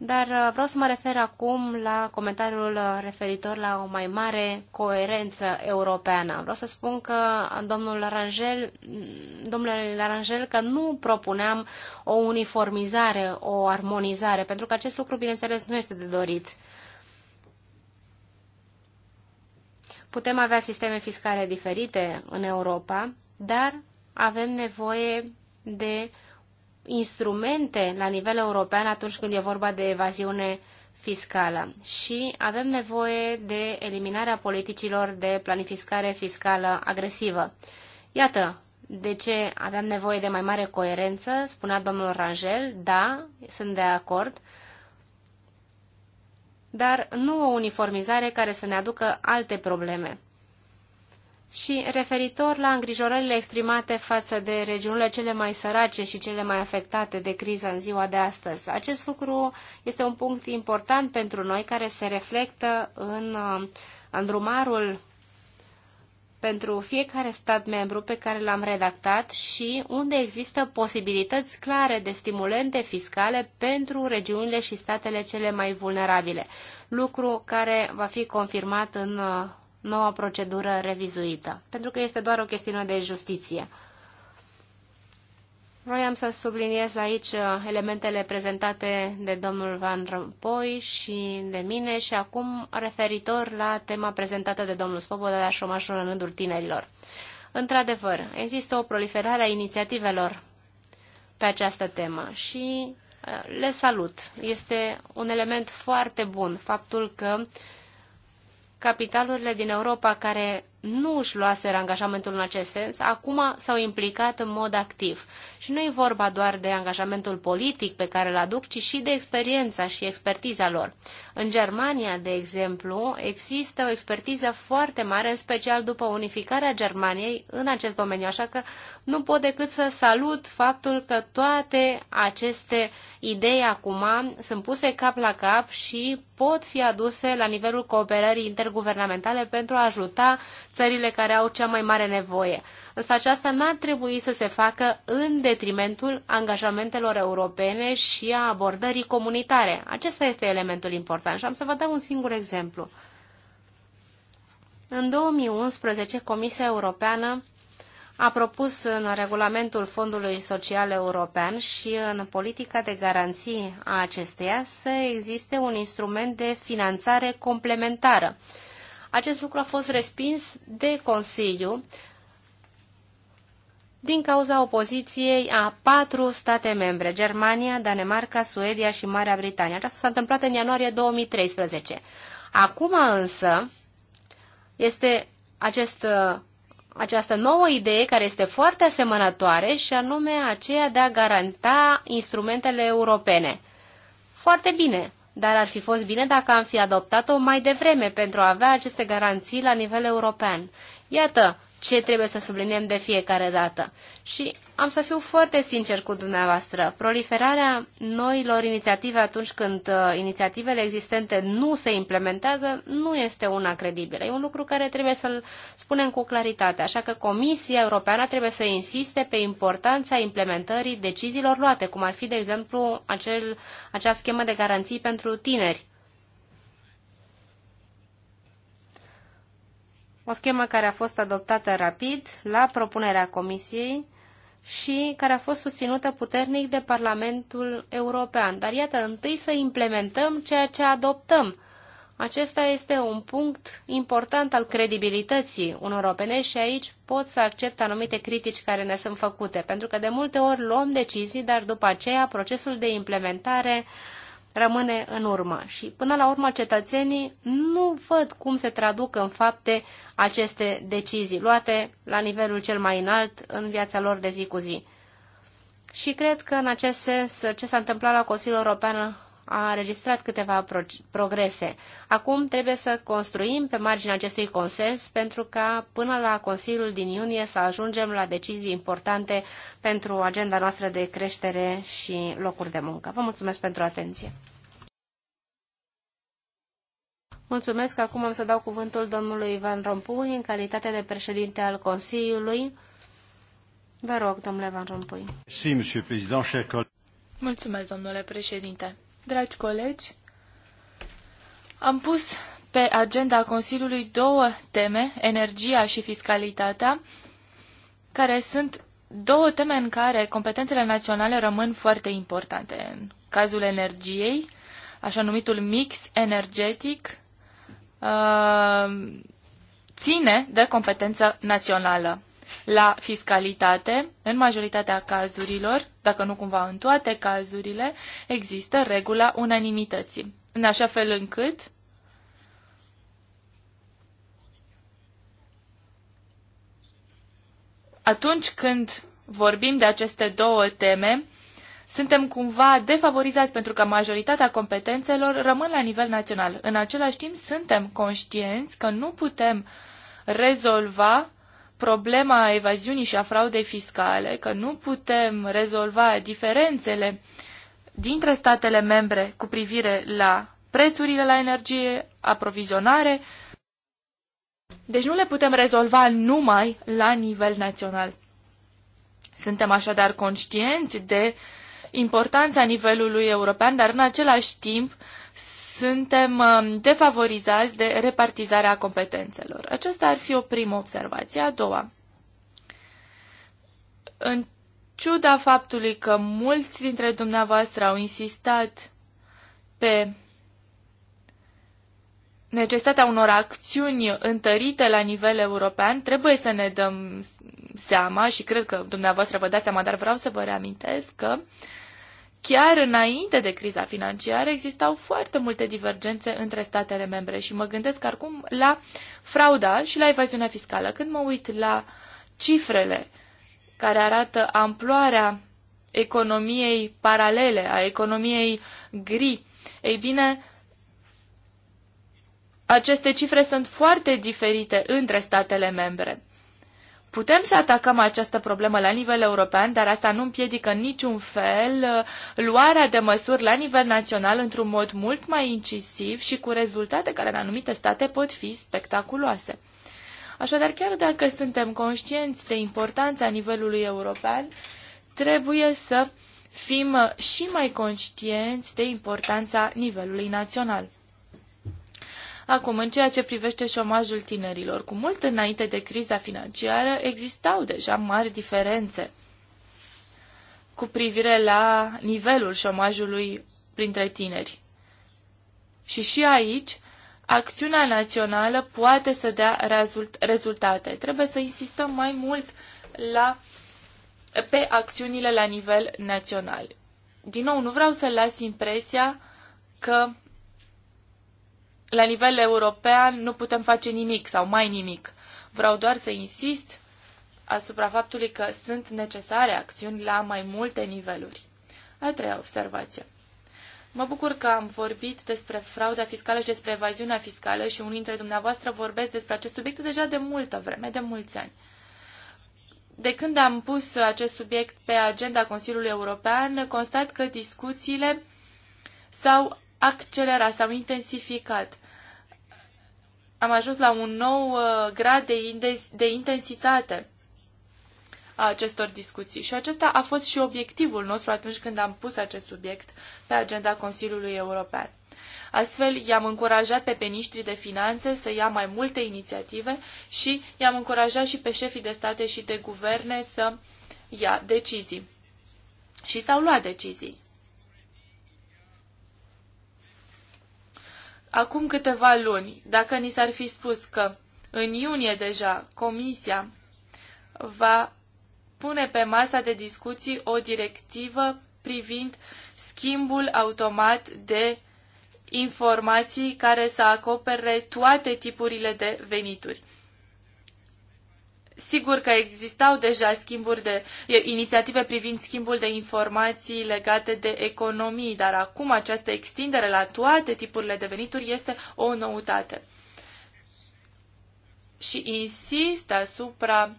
Dar uh, vreau să mă refer acum la comentariul uh, referitor la o mai mare coerență europeană. Vreau să spun că uh, domnul Larangel, mm, domnule Larangel că nu propuneam o uniformizare, o armonizare, pentru că acest lucru, bineînțeles, nu este de dorit. Putem avea sisteme fiscale diferite în Europa, dar avem nevoie de uh, instrumente la nivel european atunci când e vorba de evaziune fiscală și avem nevoie de eliminarea politicilor de planificare fiscală agresivă. Iată de ce avem nevoie de mai mare coerență, spunea domnul Rangel, da, sunt de acord, dar nu o uniformizare care să ne aducă alte probleme. Și referitor la îngrijorările exprimate față de regiunile cele mai sărace și cele mai afectate de criză în ziua de astăzi. Acest lucru este un punct important pentru noi care se reflectă în, uh, în drumarul pentru fiecare stat membru pe care l-am redactat și unde există posibilități clare de stimulente fiscale pentru regiunile și statele cele mai vulnerabile, lucru care va fi confirmat în uh, noua procedură revizuită, pentru că este doar o chestiune de justiție. Vroiam să subliniez aici uh, elementele prezentate de domnul Van Rompuy și de mine și acum referitor la tema prezentată de domnul Svoboda la șomajul în rândul tinerilor. Într-adevăr, există o proliferare a inițiativelor pe această temă și uh, le salut. Este un element foarte bun faptul că uh, capitalurile din Europa care nu își luaseră angajamentul în acest sens, acum s-au implicat în mod activ. Și nu e vorba doar de angajamentul politic pe care îl aduc, ci și de experiența și expertiza lor. În Germania, de exemplu, există o expertiză foarte mare, în special după unificarea Germaniei în acest domeniu, așa că nu pot decât să salut faptul că toate aceste idei acum sunt puse cap la cap și pot fi aduse la nivelul cooperării interguvernamentale pentru a ajuta țările care au cea mai mare nevoie. Însă aceasta n-ar trebui să se facă în detrimentul angajamentelor europene și a abordării comunitare. Acesta este elementul important și am să vă dau un singur exemplu. În 2011, Comisia Europeană a propus în regulamentul Fondului Social European și în politica de garanții a acesteia să existe un instrument de finanțare complementară. Acest lucru a fost respins de Consiliu din cauza opoziției a patru state membre, Germania, Danemarca, Suedia și Marea Britanie. Aceasta s-a întâmplat în ianuarie 2013. Acum însă este acest, această nouă idee care este foarte asemănătoare și anume aceea de a garanta instrumentele europene. Foarte bine, dar ar fi fost bine dacă am fi adoptat-o mai devreme pentru a avea aceste garanții la nivel european. Iată, ce trebuie să subliniem de fiecare dată. Și am să fiu foarte sincer cu dumneavoastră. Proliferarea noilor inițiative atunci când uh, inițiativele existente nu se implementează nu este una credibilă. E un lucru care trebuie să-l spunem cu claritate. Așa că Comisia Europeană trebuie să insiste pe importanța implementării deciziilor luate, cum ar fi, de exemplu, acel, acea schemă de garanții pentru tineri o schemă care a fost adoptată rapid la propunerea Comisiei și care a fost susținută puternic de Parlamentul European. Dar iată, întâi să implementăm ceea ce adoptăm. Acesta este un punct important al credibilității unor europene și aici pot să accept anumite critici care ne sunt făcute, pentru că de multe ori luăm decizii, dar după aceea procesul de implementare uh, rămâne în urmă. Și până la urmă cetățenii nu văd cum se traduc în fapte aceste decizii luate la nivelul cel mai înalt în viața lor de zi cu zi. Și cred că în acest sens ce s-a întâmplat la Consiliul European a înregistrat câteva pro progrese. Acum trebuie să construim pe marginea acestui consens pentru ca până la Consiliul din iunie să ajungem la decizii importante pentru agenda noastră de creștere și locuri de muncă. Vă mulțumesc pentru atenție. Mulțumesc. Acum am să dau cuvântul domnului Ivan Rompui în calitate de președinte al Consiliului. Vă rog, domnule Van Rompui. Mulțumesc, domnule președinte. Dragi colegi, am pus pe agenda Consiliului două teme, energia și fiscalitatea, care sunt două teme în care competențele naționale rămân foarte importante. În cazul energiei, așa numitul mix energetic, uh, ține de competență națională la fiscalitate, în majoritatea cazurilor, dacă nu cumva în toate cazurile, există regula unanimității. În așa fel încât atunci când vorbim de aceste două teme, suntem cumva defavorizați pentru că majoritatea competențelor rămân la nivel național. În același timp, suntem conștienți că nu putem rezolva problema evaziunii și a fraudei fiscale, că nu putem rezolva diferențele dintre statele membre cu privire la prețurile la energie, aprovizionare, deci nu le putem rezolva numai la nivel național. Suntem așadar conștienți de importanța nivelului european, dar în același timp suntem um, defavorizați de repartizarea competențelor. Aceasta ar fi o primă observație. A doua, în ciuda faptului că mulți dintre dumneavoastră au insistat pe necesitatea unor acțiuni întărite la nivel european, trebuie să ne dăm seama și cred că dumneavoastră vă dați seama, dar vreau să vă reamintesc că uh, chiar înainte de criza financiară existau foarte multe divergențe între statele membre și mă gândesc acum la frauda și la evaziunea fiscală. Când mă uit la cifrele care arată amploarea economiei paralele, a economiei gri, ei bine, aceste cifre sunt foarte diferite între statele membre. Putem să atacăm această problemă la nivel european, dar asta nu împiedică în niciun fel uh, luarea de măsuri la nivel național într-un mod mult mai incisiv și cu rezultate care în anumite state pot fi spectaculoase. Așadar, chiar dacă suntem conștienți de importanța nivelului european, trebuie să fim uh, și mai conștienți de importanța nivelului național. Acum, în ceea ce privește șomajul tinerilor, cu mult înainte de criza financiară, existau deja mari diferențe cu privire la nivelul șomajului printre tineri. Și și aici, acțiunea națională poate să dea rezultate. Trebuie să insistăm mai mult la, pe acțiunile la nivel național. Din nou, nu vreau să las impresia că la nivel european nu putem face nimic sau mai nimic. Vreau doar să insist asupra faptului că sunt necesare acțiuni la mai multe niveluri. A treia observație. Mă bucur că am vorbit despre frauda fiscală și despre evaziunea fiscală și unii dintre dumneavoastră vorbesc despre acest subiect deja de multă vreme, de mulți ani. De când am pus acest subiect pe agenda Consiliului European, constat că discuțiile s-au accelerat, s-au intensificat. Am ajuns la un nou uh, grad de, de intensitate a acestor discuții. Și acesta a fost și obiectivul nostru atunci când am pus acest subiect pe agenda Consiliului European. Astfel, i-am încurajat pe peniștrii de finanțe să ia mai multe inițiative și i-am încurajat și pe șefii de state și de guverne să ia decizii. Și s-au luat decizii. acum câteva luni, dacă ni s-ar fi spus că în iunie deja Comisia va pune pe masa de discuții o directivă privind schimbul automat de informații care să acopere toate tipurile de venituri. Sigur că existau deja schimburi de inițiative privind schimbul de informații legate de economii, dar acum această extindere la toate tipurile de venituri este o noutate. Și insist asupra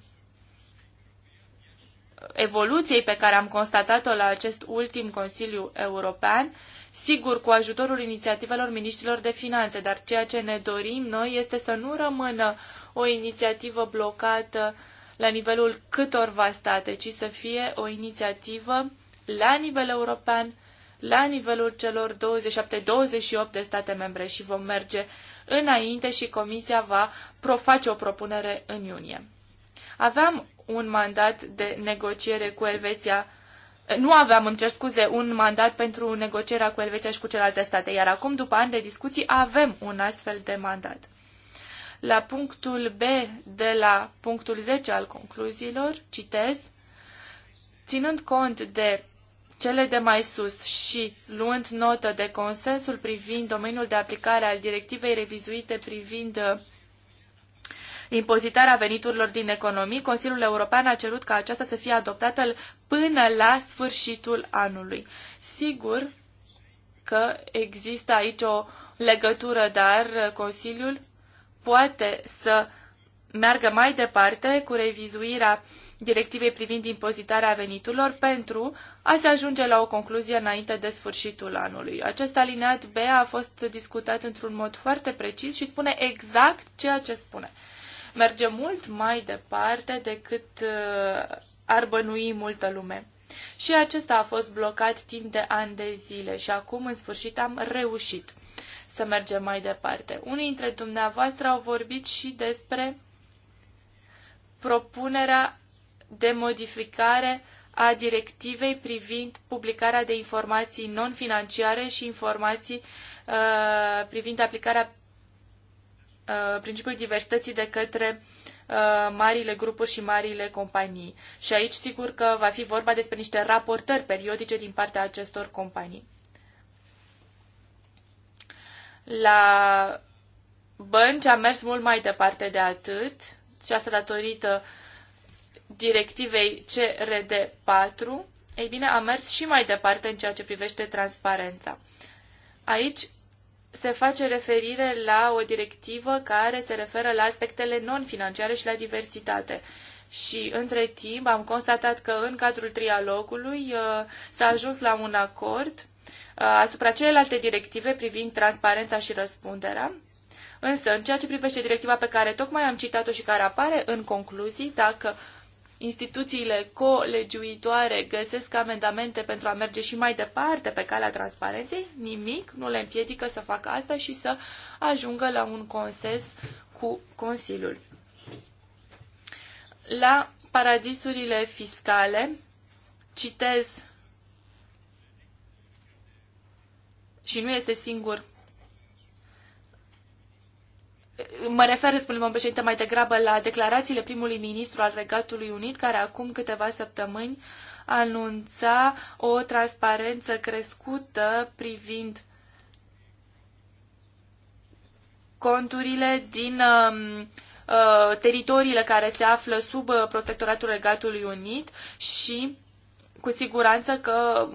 evoluției pe care am constatat-o la acest ultim Consiliu European, sigur cu ajutorul inițiativelor miniștrilor de finanțe, dar ceea ce ne dorim noi este să nu rămână o inițiativă blocată la nivelul câtorva state, ci să fie o inițiativă la nivel european, la nivelul celor 27-28 de state membre și vom merge înainte și Comisia va face o propunere în iunie. Aveam un mandat de negociere cu Elveția nu aveam, îmi cer scuze, un mandat pentru negocierea cu Elveția și cu celelalte state, iar acum, după ani de discuții, avem un astfel de mandat. La punctul B de la punctul 10 al concluziilor, citez, ținând cont de cele de mai sus și luând notă de consensul privind domeniul de aplicare al directivei revizuite privind uh, impozitarea veniturilor din economii, Consiliul European a cerut ca aceasta să fie adoptată până la sfârșitul anului. Sigur că există aici o legătură, dar Consiliul poate să meargă mai departe cu revizuirea directivei privind impozitarea veniturilor pentru a se ajunge la o concluzie înainte de sfârșitul anului. Acest alineat B a fost discutat într-un mod foarte precis și spune exact ceea ce spune. Merge mult mai departe decât uh, ar bănui multă lume. Și acesta a fost blocat timp de ani de zile și acum, în sfârșit, am reușit să mergem mai departe. Unii dintre dumneavoastră au vorbit și despre propunerea de modificare a directivei privind publicarea de informații non-financiare și informații uh, privind aplicarea uh, principiului diversității de către Uh, marile grupuri și marile companii. Și aici sigur că va fi vorba despre niște raportări periodice din partea acestor companii. La bănci a mers mult mai departe de atât și asta datorită directivei CRD4. Ei bine, a mers și mai departe în ceea ce privește transparența. Aici se face referire la o directivă care se referă la aspectele non-financiare și la diversitate. Și între timp am constatat că în cadrul trialogului uh, s-a ajuns la un acord uh, asupra celelalte directive privind transparența și răspunderea. Însă, în ceea ce privește directiva pe care tocmai am citat-o și care apare în concluzii, dacă instituțiile colegiuitoare găsesc amendamente pentru a merge și mai departe pe calea transparenței, nimic nu le împiedică să facă asta și să ajungă la un consens cu Consiliul. La paradisurile fiscale, citez și nu este singur Mă refer, spune domnul președinte, mai degrabă la declarațiile primului ministru al Regatului Unit, care acum câteva săptămâni anunța o transparență crescută privind conturile din uh, uh, teritoriile care se află sub uh, protectoratul Regatului Unit și cu siguranță că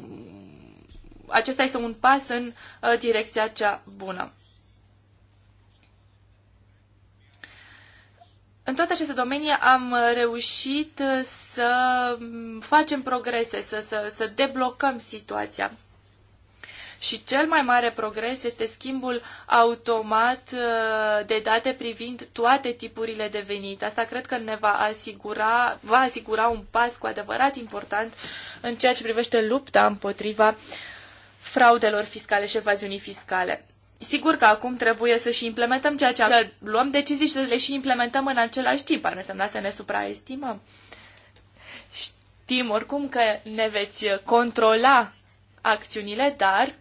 acesta este un pas în uh, direcția cea bună. În toate aceste domenii am uh, reușit uh, să mm, facem progrese, să, să, să deblocăm situația. Și cel mai mare progres este schimbul automat uh, de date privind toate tipurile de venit. Asta cred că ne va asigura, va asigura un pas cu adevărat important în ceea ce privește lupta împotriva fraudelor fiscale și evaziunii fiscale. Sigur că acum trebuie să și implementăm ceea ce am, să luăm decizii și să le și implementăm în același timp. Ar însemna să ne supraestimăm. Știm oricum că ne veți controla acțiunile, dar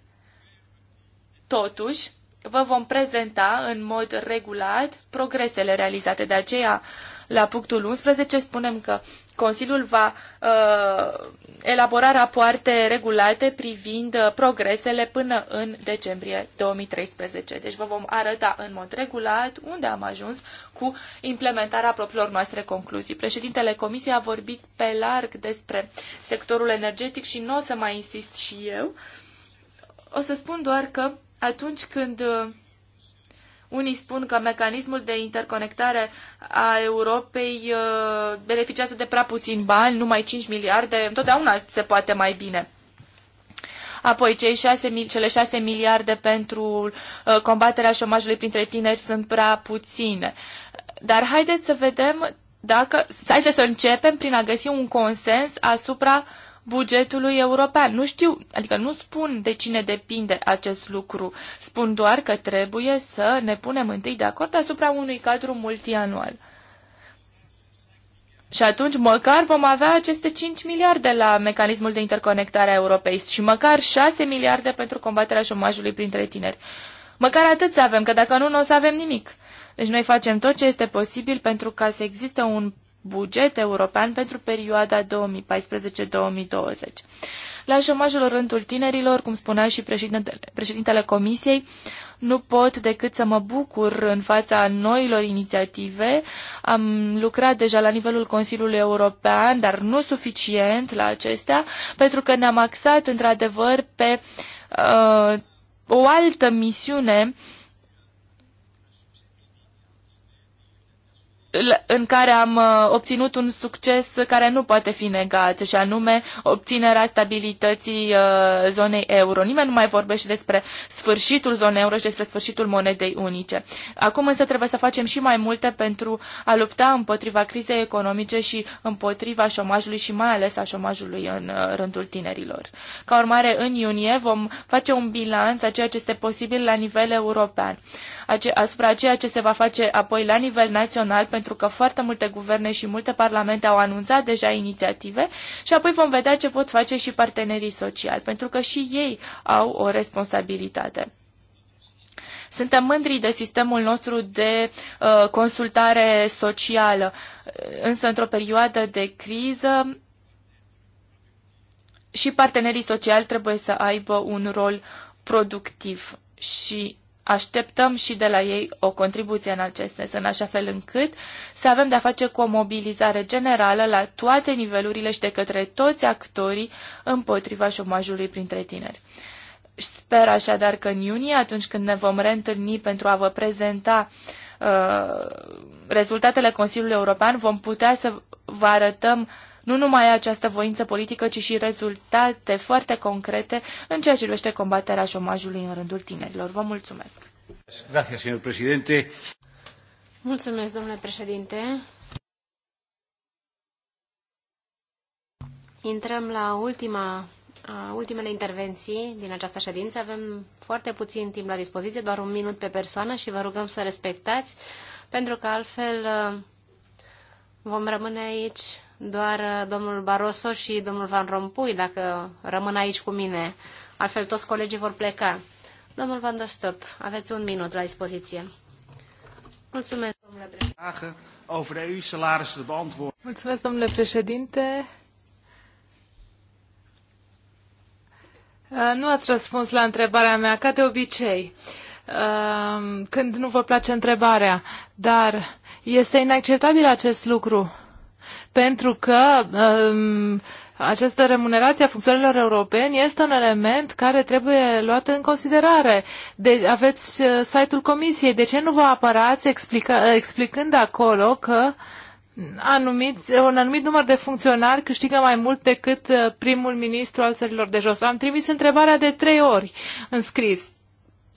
totuși vă vom prezenta în mod regulat progresele realizate. De aceea la punctul 11 spunem că Consiliul va uh, elabora rapoarte regulate privind uh, progresele până în decembrie 2013. Deci vă vom arăta în mod regulat unde am ajuns cu implementarea propriilor noastre concluzii. Președintele Comisiei a vorbit pe larg despre sectorul energetic și nu o să mai insist și eu. O să spun doar că atunci când uh, unii spun că mecanismul de interconectare a Europei uh, beneficiază de prea puțin bani, numai 5 miliarde, întotdeauna se poate mai bine. Apoi, cei 6, cele 6 miliarde pentru uh, combaterea șomajului printre tineri sunt prea puține. Dar haideți să vedem dacă, haideți să începem prin a găsi un consens asupra uh, bugetului european. Nu știu, adică nu spun de cine depinde acest lucru, spun doar că trebuie să ne punem întâi de acord asupra unui cadru multianual. Și atunci măcar vom avea aceste 5 miliarde la mecanismul de interconectare a Europei și măcar 6 miliarde pentru combaterea șomajului printre tineri. Măcar atât să avem, că dacă nu, nu o să avem nimic. Deci noi facem tot ce este posibil pentru ca să existe un buget european pentru perioada 2014-2020. La șomajul rândul tinerilor, cum spunea și președintele, președintele Comisiei, nu pot decât să mă bucur în fața noilor inițiative. Am lucrat deja la nivelul Consiliului European, dar nu suficient la acestea, pentru că ne-am axat într-adevăr pe uh, o altă misiune uh, în care am uh, obținut un succes care nu poate fi negat, și anume obținerea stabilității uh, zonei euro. Nimeni nu mai vorbește despre sfârșitul zonei euro și despre sfârșitul monedei unice. Acum însă trebuie să facem și mai multe pentru a lupta împotriva crizei economice și împotriva șomajului și mai ales a șomajului în uh, rândul tinerilor. Ca urmare, în iunie vom face un bilanț a ceea ce este posibil la nivel european, asupra ceea ce se va face apoi la nivel național pentru pentru că foarte multe guverne și multe parlamente au anunțat deja inițiative și apoi vom vedea ce pot face și partenerii sociali, pentru că și ei au o responsabilitate. Suntem mândri de sistemul nostru de uh, consultare socială, însă într-o perioadă de criză și partenerii sociali trebuie să aibă un rol productiv și așteptăm și de la ei o contribuție în acest sens, în așa fel încât să avem de-a face cu o mobilizare generală la toate nivelurile și de către toți actorii împotriva șomajului printre tineri. Sper așadar că în iunie, atunci când ne vom reîntâlni pentru a vă prezenta uh, rezultatele Consiliului European, vom putea să vă arătăm uh, nu numai această voință politică, ci și rezultate foarte concrete în ceea ce privește combaterea șomajului în rândul tinerilor. Vă mulțumesc! Gracias, señor presidente. Mulțumesc, domnule președinte. Intrăm la ultima, ultimele intervenții din această ședință. Avem foarte puțin timp la dispoziție, doar un minut pe persoană și vă rugăm să respectați, pentru că altfel vom rămâne aici doar uh, domnul Barroso și domnul Van Rompuy, dacă rămân aici cu mine. Altfel toți colegii vor pleca. Domnul Van der Stop, aveți un minut la dispoziție. Mulțumesc, domnule președinte. Over de EU-salarissen te Mulțumesc, domnule președinte. Uh, nu ați răspuns la întrebarea mea, ca de obicei, uh, când nu vă place întrebarea, dar este inacceptabil acest lucru pentru că um, această remunerație a funcționarilor europeni este un element care trebuie luat în considerare. De, aveți uh, site-ul Comisiei. De ce nu vă apărați explica, uh, explicând acolo că anumit un anumit număr de funcționari câștigă mai mult decât uh, primul ministru al țărilor de jos? Am trimis întrebarea de trei ori în scris.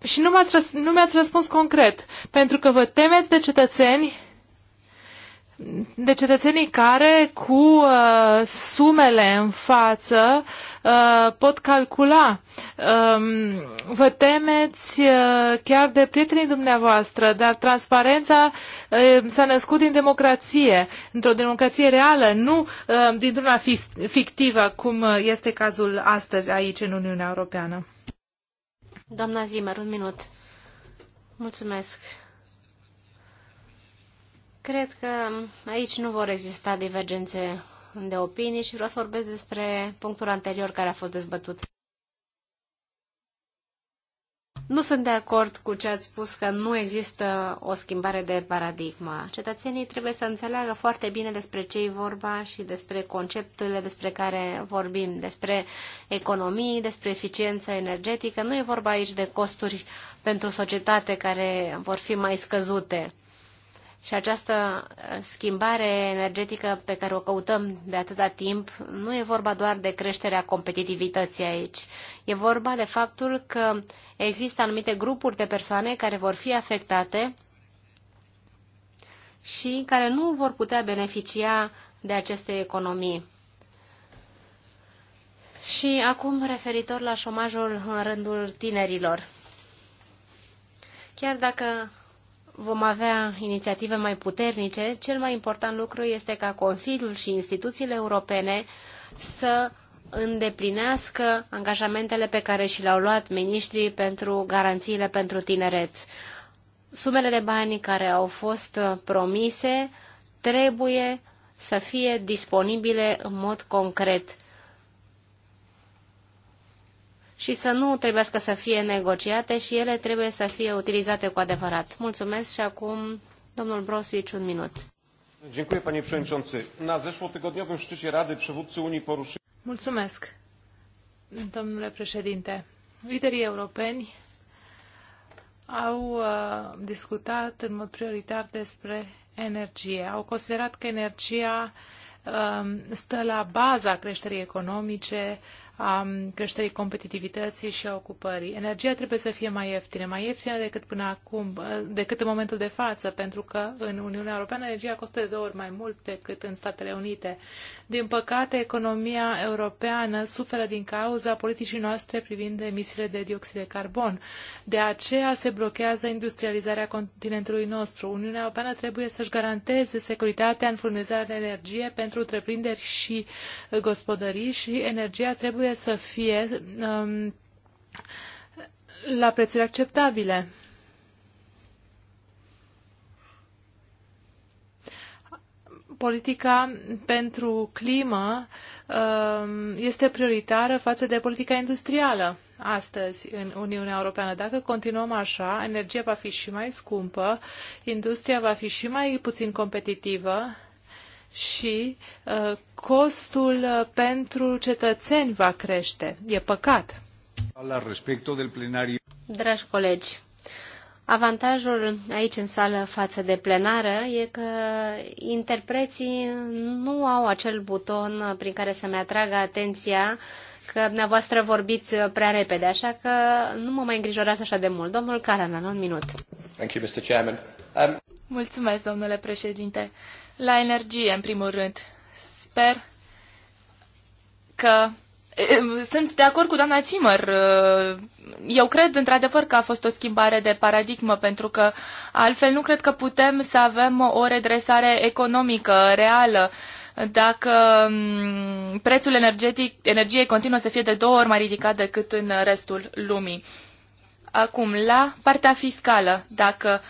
Și nu mi-ați răs- mi răspuns concret, pentru că vă temeți de cetățeni de cetățenii care cu uh, sumele în față uh, pot calcula. Um, uh, vă temeți uh, chiar de prietenii dumneavoastră, dar transparența uh, s-a născut din democrație, într-o democrație reală, nu uh, dintr-una fictivă, cum uh, este cazul astăzi aici în Uniunea Europeană. Doamna Zimmer, un minut. Mulțumesc. Cred că aici nu vor exista divergențe de opinii și vreau să vorbesc despre punctul anterior care a fost dezbătut. Nu sunt de acord cu ce ați spus că nu există o schimbare de paradigmă. Cetățenii trebuie să înțeleagă foarte bine despre ce e vorba și despre conceptele despre care vorbim, despre economii, despre eficiență energetică. Nu e vorba aici de costuri pentru societate care vor fi mai scăzute. Și această uh, schimbare energetică pe care o căutăm de atâta timp nu e vorba doar de creșterea competitivității aici. E vorba de faptul că există anumite grupuri de persoane care vor fi afectate și care nu vor putea beneficia de aceste economii. Și acum referitor la șomajul în rândul tinerilor. Chiar dacă vom avea inițiative mai puternice, cel mai important lucru este ca Consiliul și instituțiile europene să îndeplinească angajamentele pe care și le-au luat ministrii pentru garanțiile pentru tineret. Sumele de bani care au fost promise trebuie să fie disponibile în mod concret și să nu trebuiască să fie negociate și ele trebuie să fie utilizate cu adevărat. Mulțumesc și acum domnul Broswich un minut. Dziękuję panie przewodniczący. Na zeszłotygodniowym szczycie Rady przywódcy Unii poruszyli Mulțumesc. Domnule președinte, liderii europeni au uh, discutat în mod prioritar despre energie. Au considerat că energia uh, stă la baza creșterii economice, uh, a creșterii competitivității și a ocupării. Energia trebuie să fie mai ieftină, mai ieftină decât până acum, decât în momentul de față, pentru că în Uniunea Europeană energia costă de două ori mai mult decât în Statele Unite. Din păcate, economia europeană suferă din cauza politicii noastre privind emisiile de dioxid de carbon. De aceea se blochează industrializarea continentului nostru. Uniunea Europeană trebuie să-și garanteze securitatea în furnizarea de energie pentru întreprinderi și gospodării și energia trebuie trebuie să fie um, la prețuri acceptabile. Politica pentru climă um, este prioritară față de politica industrială astăzi în Uniunea Europeană. Dacă continuăm așa, energia va fi și mai scumpă, industria va fi și mai puțin competitivă și uh, costul uh, pentru cetățeni va crește. E păcat. La respectul del plenariu. Dragi colegi, avantajul aici în sală față de plenară e că interpreții nu au acel buton prin care să-mi atragă atenția că dumneavoastră vorbiți prea repede, așa că nu mă mai îngrijorează așa de mult. Domnul Caranan, un minut. Thank you, Mr. Chairman. Um... Mulțumesc, domnule președinte. La energie, în primul rând. Sper că sunt de acord cu doamna Zimmer. Eu cred, într-adevăr, că a fost o schimbare de paradigmă, pentru că altfel nu cred că putem să avem o redresare economică reală dacă prețul energetic, energiei continuă să fie de două ori mai ridicat decât în restul lumii. Acum, la partea fiscală, dacă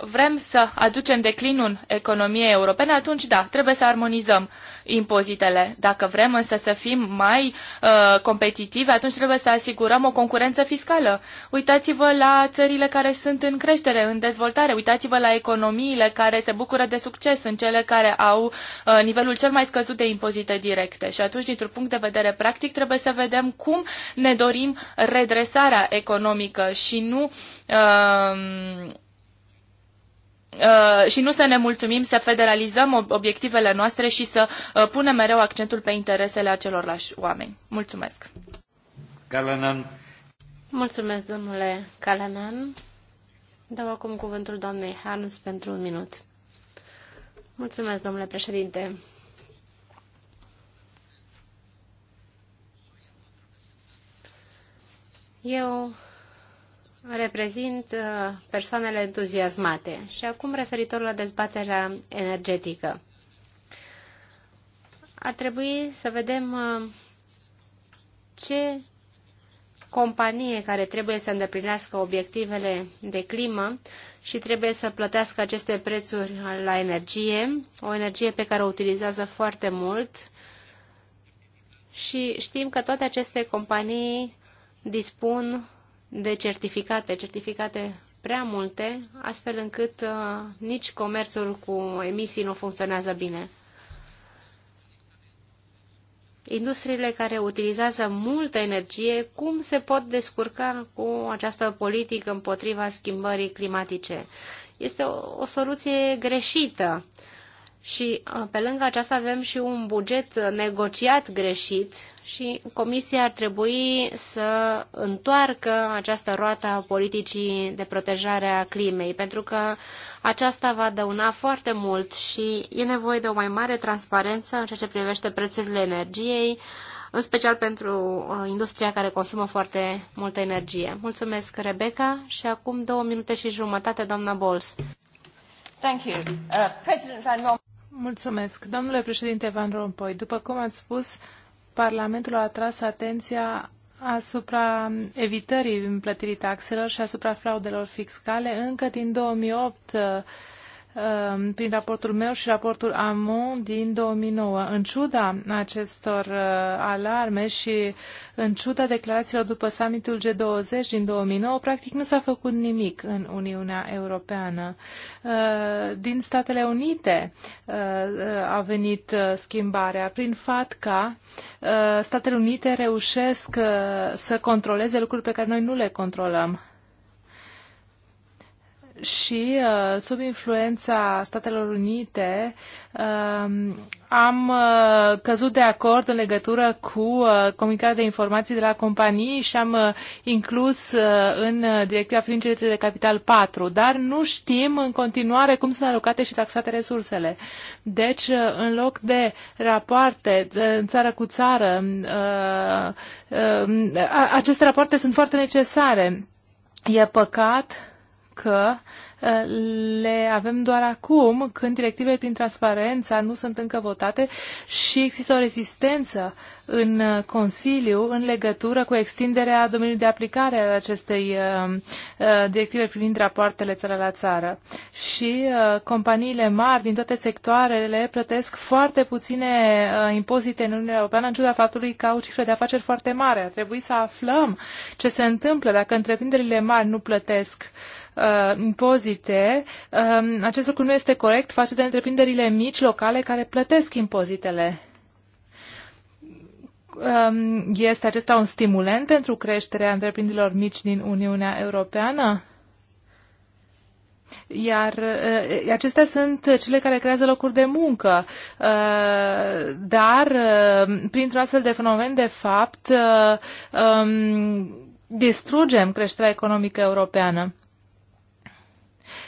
vrem să aducem declinul economiei europene, atunci da, trebuie să armonizăm impozitele. Dacă vrem însă să fim mai uh, competitivi, atunci trebuie să asigurăm o concurență fiscală. Uitați-vă la țările care sunt în creștere, în dezvoltare, uitați-vă la economiile care se bucură de succes, în cele care au uh, nivelul cel mai scăzut de impozite directe. Și atunci, dintr-un punct de vedere practic, trebuie să vedem cum ne dorim redresarea economică și nu uh, Uh, și nu să ne mulțumim să federalizăm obiectivele noastre și să uh, punem mereu accentul pe interesele acelorlași oameni. Mulțumesc! Calanan. Mulțumesc, domnule Calanan. Dau acum cuvântul doamnei Hans pentru un minut. Mulțumesc, domnule președinte. Eu reprezint uh, persoanele entuziasmate. Și acum referitor la dezbaterea energetică. Ar trebui să vedem uh, ce companie care trebuie să îndeplinească obiectivele de climă și trebuie să plătească aceste prețuri la energie, o energie pe care o utilizează foarte mult. Și știm că toate aceste companii dispun de certificate, certificate prea multe, astfel încât uh, nici comerțul cu emisii nu funcționează bine. Industriile care utilizează multă energie, cum se pot descurca cu această politică împotriva schimbării climatice? Este o, o soluție greșită. Uh, și uh, pe lângă aceasta avem și un buget negociat greșit și Comisia ar trebui să întoarcă această roată a politicii de protejare a climei, pentru că aceasta va dăuna foarte mult și e nevoie de o mai mare transparență în ceea ce privește prețurile energiei, în special pentru uh, industria care consumă foarte multă energie. Mulțumesc, Rebecca, și acum două minute și jumătate, doamna Bols. Thank you. Uh, President Van Rompuy. Mulțumesc. Domnule președinte Van Rompuy, după cum ați spus, Parlamentul a atras atenția asupra evitării plătirii taxelor și asupra fraudelor fiscale încă din 2008 Um, prin raportul meu și raportul AMON din 2009. În ciuda acestor uh, alarme și în ciuda declarațiilor după summitul G20 din 2009, practic nu s-a făcut nimic în Uniunea Europeană. Uh, din Statele Unite uh, a venit schimbarea. Prin FATCA, Statele Unite reușesc să controleze lucruri pe care noi nu le controlăm și uh, sub influența Statelor Unite um, am uh, căzut de acord în legătură cu uh, comunicarea de informații de la companii și am inclus în directiva privind de capital 4, dar nu știm în continuare cum sunt alocate și taxate resursele. Deci, în loc de rapoarte în țară cu țară, aceste rapoarte sunt foarte necesare. E păcat că uh, le avem doar acum, când directivele prin transparența nu sunt încă votate și există o rezistență în uh, Consiliu în legătură cu extinderea domeniului de aplicare al acestei uh, directive privind rapoartele țară la țară. Și companiile mari din toate sectoarele plătesc foarte puține impozite în Uniunea Europeană, în ciuda faptului că au cifre de afaceri foarte mari. Ar trebui să aflăm ce se întâmplă dacă întreprinderile mari nu plătesc uh, impozite, uh, acest lucru nu este corect față de întreprinderile mici, locale, care plătesc impozitele. Uh, este acesta un stimulent pentru creșterea întreprinderilor mici din Uniunea Europeană? Iar uh, acestea sunt cele care creează locuri de muncă. Uh, dar, uh, printr-un astfel de fenomen, de fapt, uh, um, distrugem creșterea economică europeană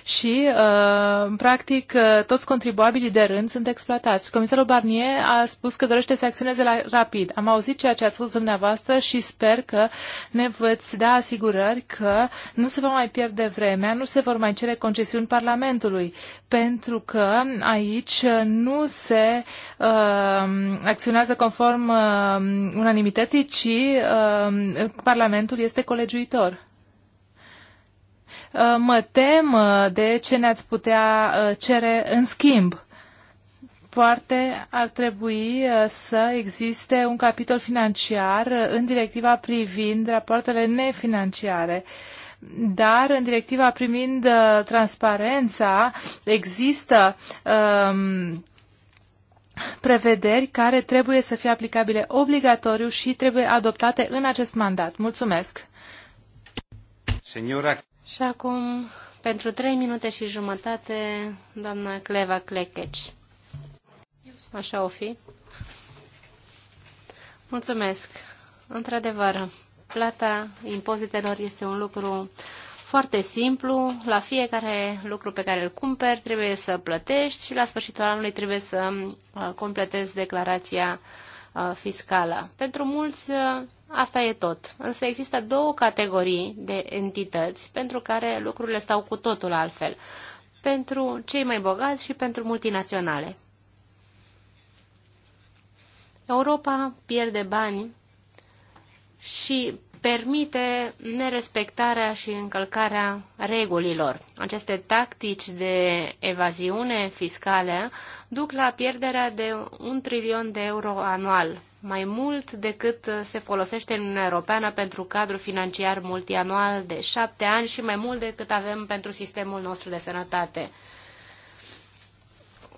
și, în uh, practic, uh, toți contribuabilii de rând sunt exploatați. Comisarul Barnier a spus că dorește să acționeze la, rapid. Am auzit ceea ce ați spus dumneavoastră și sper că ne veți da asigurări că nu se va mai pierde vremea, nu se vor mai cere concesiuni Parlamentului, pentru că aici nu se uh, acționează conform uh, unanimității, ci uh, Parlamentul este colegiuitor. Uh, mă tem uh, de ce ne-ați putea uh, cere în schimb poate ar trebui să existe un capitol financiar în directiva privind rapoartele nefinanciare. Dar în directiva privind transparența există um, prevederi care trebuie să fie aplicabile obligatoriu și trebuie adoptate în acest mandat. Mulțumesc! Senora... Și acum, pentru trei minute și jumătate, doamna Cleva Clecheci. Așa o fi. Mulțumesc. Într-adevăr, plata impozitelor este un lucru foarte simplu. La fiecare lucru pe care îl cumperi trebuie să plătești și la sfârșitul anului trebuie să uh, completezi declarația uh, fiscală. Pentru mulți uh, Asta e tot. Însă există două categorii de entități pentru care lucrurile stau cu totul altfel. Pentru cei mai bogați și pentru multinaționale. Europa pierde bani și permite nerespectarea și încălcarea regulilor. Aceste tactici de evaziune fiscală duc la pierderea de un trilion de euro anual mai mult decât uh, se folosește în Uniunea Europeană pentru cadru financiar multianual de șapte ani și mai mult decât avem pentru sistemul nostru de sănătate.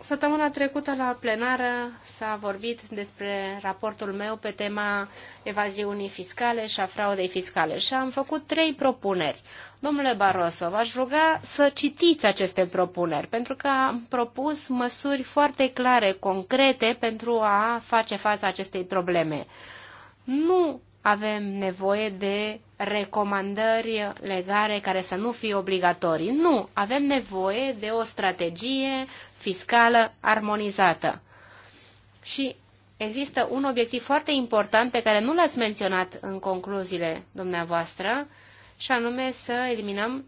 Săptămâna trecută la plenară s-a vorbit despre raportul meu pe tema evaziunii fiscale și a fraudei fiscale și am făcut trei propuneri. Domnule Barroso, v-aș ruga să citiți aceste propuneri, pentru că am propus măsuri foarte clare, concrete, pentru a face față acestei probleme. Nu avem nevoie de recomandări legare care să nu fie obligatorii. Nu, avem nevoie de o strategie fiscală armonizată. Și există un obiectiv foarte important pe care nu l-ați menționat în concluziile dumneavoastră, și anume să eliminăm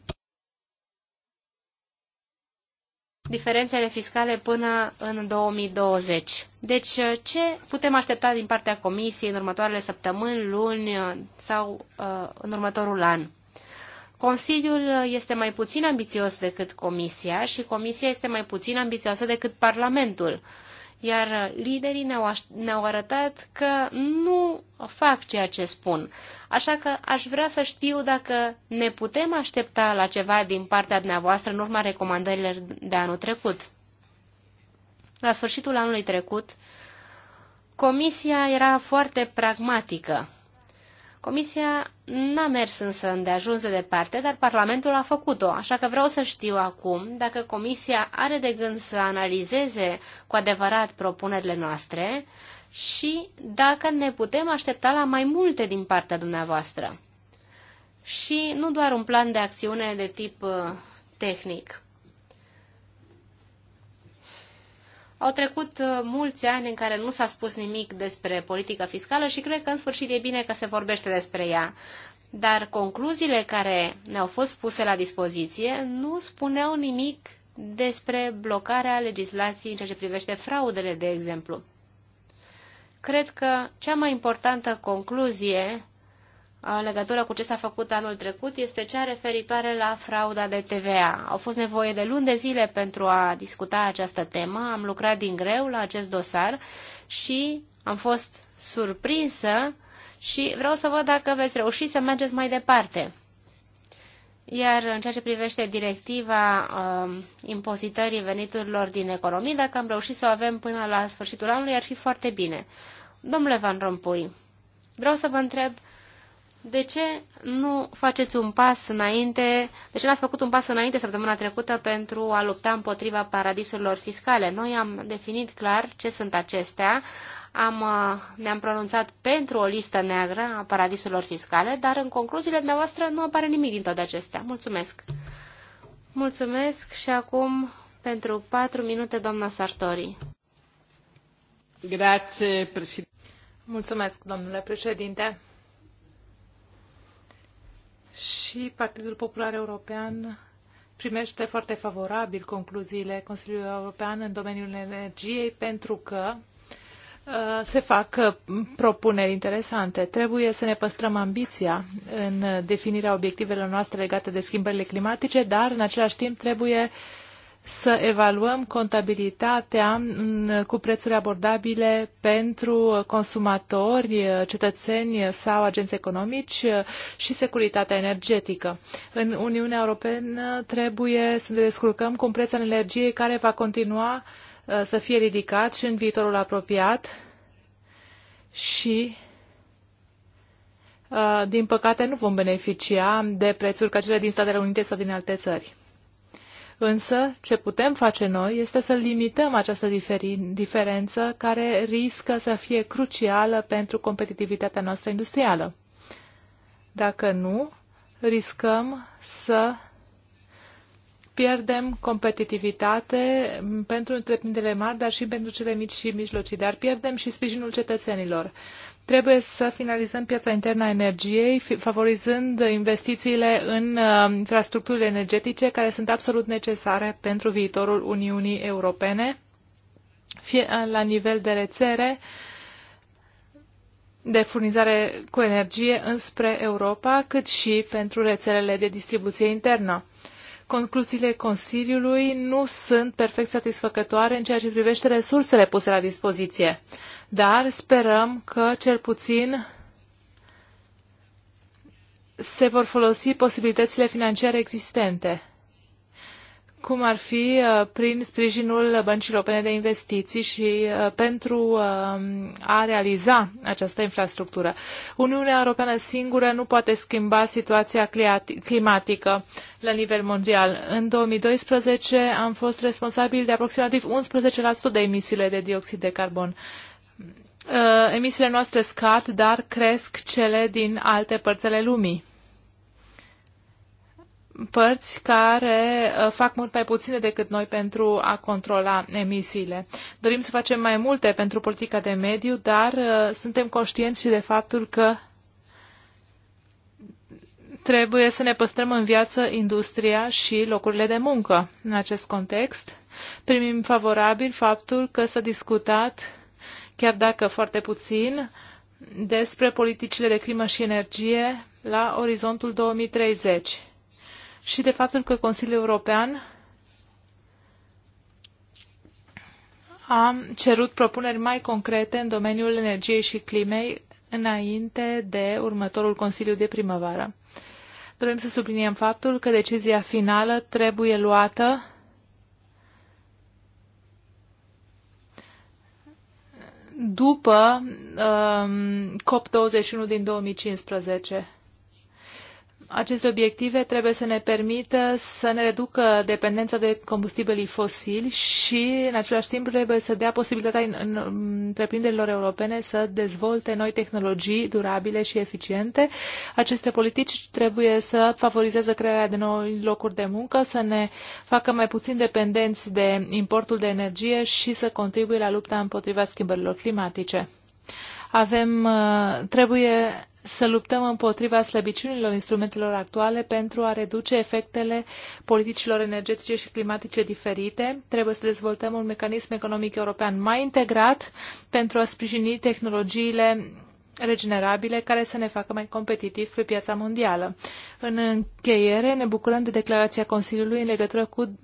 diferențele fiscale până în 2020. Deci, uh, ce putem aștepta din partea Comisiei în următoarele săptămâni, luni uh, sau uh, în următorul an? Consiliul uh, este mai puțin ambițios decât Comisia și Comisia este mai puțin ambițioasă decât Parlamentul. Uh, iar uh, liderii ne-au, ne arătat că nu fac ceea ce spun. Așa că aș vrea să știu dacă ne putem aștepta la ceva din partea dumneavoastră în urma recomandărilor de anul trecut. La sfârșitul anului trecut, comisia era foarte pragmatică Comisia n-a mers însă îndeajuns de departe, dar Parlamentul a făcut-o, așa că vreau să știu acum dacă Comisia are de gând să analizeze cu adevărat propunerile noastre și dacă ne putem aștepta la mai multe din partea dumneavoastră. Și nu doar un plan de acțiune de tip uh, tehnic. Au trecut uh, mulți ani în care nu s-a spus nimic despre politică fiscală și cred că în sfârșit e bine că se vorbește despre ea. Dar concluziile care ne-au fost puse la dispoziție nu spuneau nimic despre blocarea legislației în ceea ce privește fraudele, de exemplu. Cred că cea mai importantă concluzie în legătură cu ce s-a făcut anul trecut este cea referitoare la frauda de TVA. Au fost nevoie de luni de zile pentru a discuta această temă, am lucrat din greu la acest dosar și am fost surprinsă și vreau să văd dacă veți reuși să mergeți mai departe. Iar în ceea ce privește directiva uh, impozitării veniturilor din economie, dacă am reușit să o avem până la sfârșitul anului, ar fi foarte bine. Domnule Van Rompuy, vreau să vă întreb uh, de ce nu faceți un pas înainte, de ce n-ați făcut un pas înainte săptămâna trecută pentru a lupta împotriva paradisurilor fiscale? Noi am definit clar ce sunt acestea, am, uh, ne-am pronunțat pentru o listă neagră a paradisurilor fiscale, dar în concluziile dumneavoastră nu apare nimic din toate acestea. Mulțumesc! Mulțumesc și acum pentru patru minute, doamna Sartori. Grație, președinte. Mulțumesc, domnule președinte și Partidul Popular European primește foarte favorabil concluziile Consiliului European în domeniul energiei pentru că uh, se fac uh, propuneri interesante. Trebuie să ne păstrăm ambiția în definirea obiectivelor noastre legate de schimbările climatice, dar în același timp trebuie uh, să evaluăm contabilitatea mm, cu prețuri abordabile pentru consumatori, cetățeni sau agenți economici și securitatea energetică. În Uniunea Europeană trebuie să ne descurcăm cu un preț al energiei care va continua uh, să fie ridicat și în viitorul apropiat și uh, din păcate nu vom beneficia de prețuri ca cele din Statele Unite sau din alte țări. Însă, ce putem face noi este să limităm această diferență care riscă să fie crucială pentru competitivitatea noastră industrială. Dacă nu, riscăm să pierdem competitivitate pentru întreprinderile mari, dar și pentru cele mici și mijlocii, dar pierdem și sprijinul cetățenilor. Trebuie să finalizăm piața internă a energiei, favorizând investițiile în uh, infrastructurile energetice care sunt absolut necesare pentru viitorul Uniunii Europene, fie la nivel de rețele, de furnizare cu energie înspre Europa, cât și pentru rețelele de distribuție internă concluziile Consiliului nu sunt perfect satisfăcătoare în ceea ce privește resursele puse la dispoziție, dar sperăm că cel puțin se vor folosi posibilitățile financiare existente cum ar fi uh, prin sprijinul Băncii Europene de Investiții și uh, pentru um, a realiza această infrastructură. Uniunea Europeană singură nu poate schimba situația climatică la nivel mondial. În 2012 am fost responsabili de aproximativ 11% de emisiile de dioxid de carbon. Uh, emisiile noastre scad, dar cresc cele din alte părți ale lumii părți care uh, fac mult mai puține decât noi pentru a controla emisiile. Dorim să facem mai multe pentru politica de mediu, dar uh, suntem conștienți și de faptul că trebuie să ne păstrăm în viață industria și locurile de muncă. În acest context, primim favorabil faptul că s-a discutat, chiar dacă foarte puțin, despre politicile de climă și energie la orizontul 2030 și de faptul că Consiliul European a cerut propuneri mai concrete în domeniul energiei și climei înainte de următorul Consiliu de primăvară. Dorim să subliniem faptul că decizia finală trebuie luată după um, COP21 din 2015 aceste obiective trebuie să ne permită să ne reducă dependența de combustibilii fosili și, în același timp, trebuie să dea posibilitatea întreprinderilor europene să dezvolte noi tehnologii durabile și eficiente. Aceste politici trebuie să favorizeze crearea de noi locuri de muncă, să ne facă mai puțin dependenți de importul de energie și să contribuie la lupta împotriva schimbărilor climatice. Avem, uh, trebuie să luptăm împotriva slăbiciunilor instrumentelor actuale pentru a reduce efectele politicilor energetice și climatice diferite. Trebuie să dezvoltăm un mecanism economic european mai integrat pentru a sprijini tehnologiile regenerabile care să ne facă mai competitivi pe piața mondială. În încheiere, ne bucurăm de declarația Consiliului în legătură cu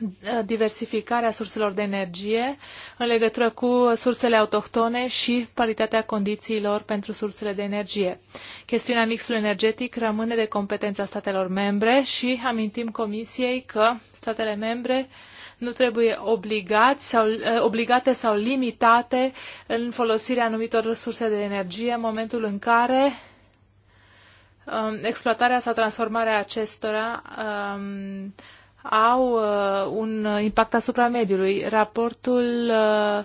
Eh, diversificarea surselor de energie în legătură cu sursele autohtone și paritatea condițiilor pentru sursele de energie. Chestiunea mixului energetic rămâne de competența statelor membre și amintim Comisiei că statele membre nu trebuie obligați sau, eh, obligate sau limitate în folosirea anumitor resurse de energie în momentul în care um, exploatarea sau transformarea acestora um, au uh, un impact asupra mediului. Raportul uh, uh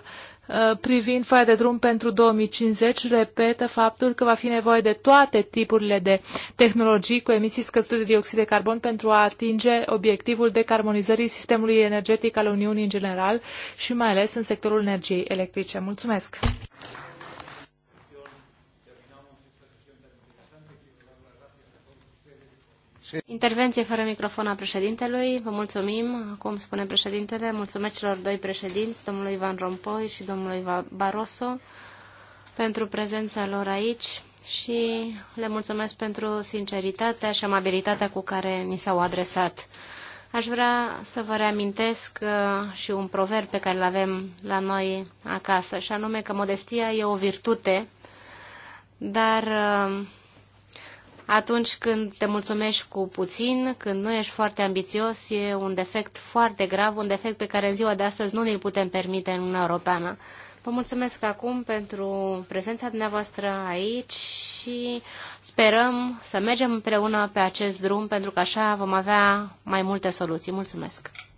privind foaia de drum pentru 2050 repetă faptul că va fi nevoie de toate tipurile de tehnologii cu emisii scăzute de dioxid de carbon pentru a atinge obiectivul decarbonizării sistemului energetic al Uniunii în general și mai ales în sectorul energiei electrice. Mulțumesc! Intervenție fără microfon a președintelui. Vă mulțumim. cum spune președintele, mulțumesc celor doi președinți, domnului Van Rompuy și domnului Barroso, pentru prezența lor aici și le mulțumesc pentru sinceritatea și amabilitatea cu care ni s-au adresat. Aș vrea să vă reamintesc uh, și un proverb pe care îl avem la noi acasă, și anume că modestia e o virtute, dar uh, atunci când te mulțumești cu puțin, când nu ești foarte ambițios, e un defect foarte grav, un defect pe care în ziua de astăzi nu ne-l putem permite în Uniunea Europeană. Vă mulțumesc acum pentru prezența dumneavoastră aici și sperăm să mergem împreună pe acest drum pentru că așa vom avea mai multe soluții. Mulțumesc!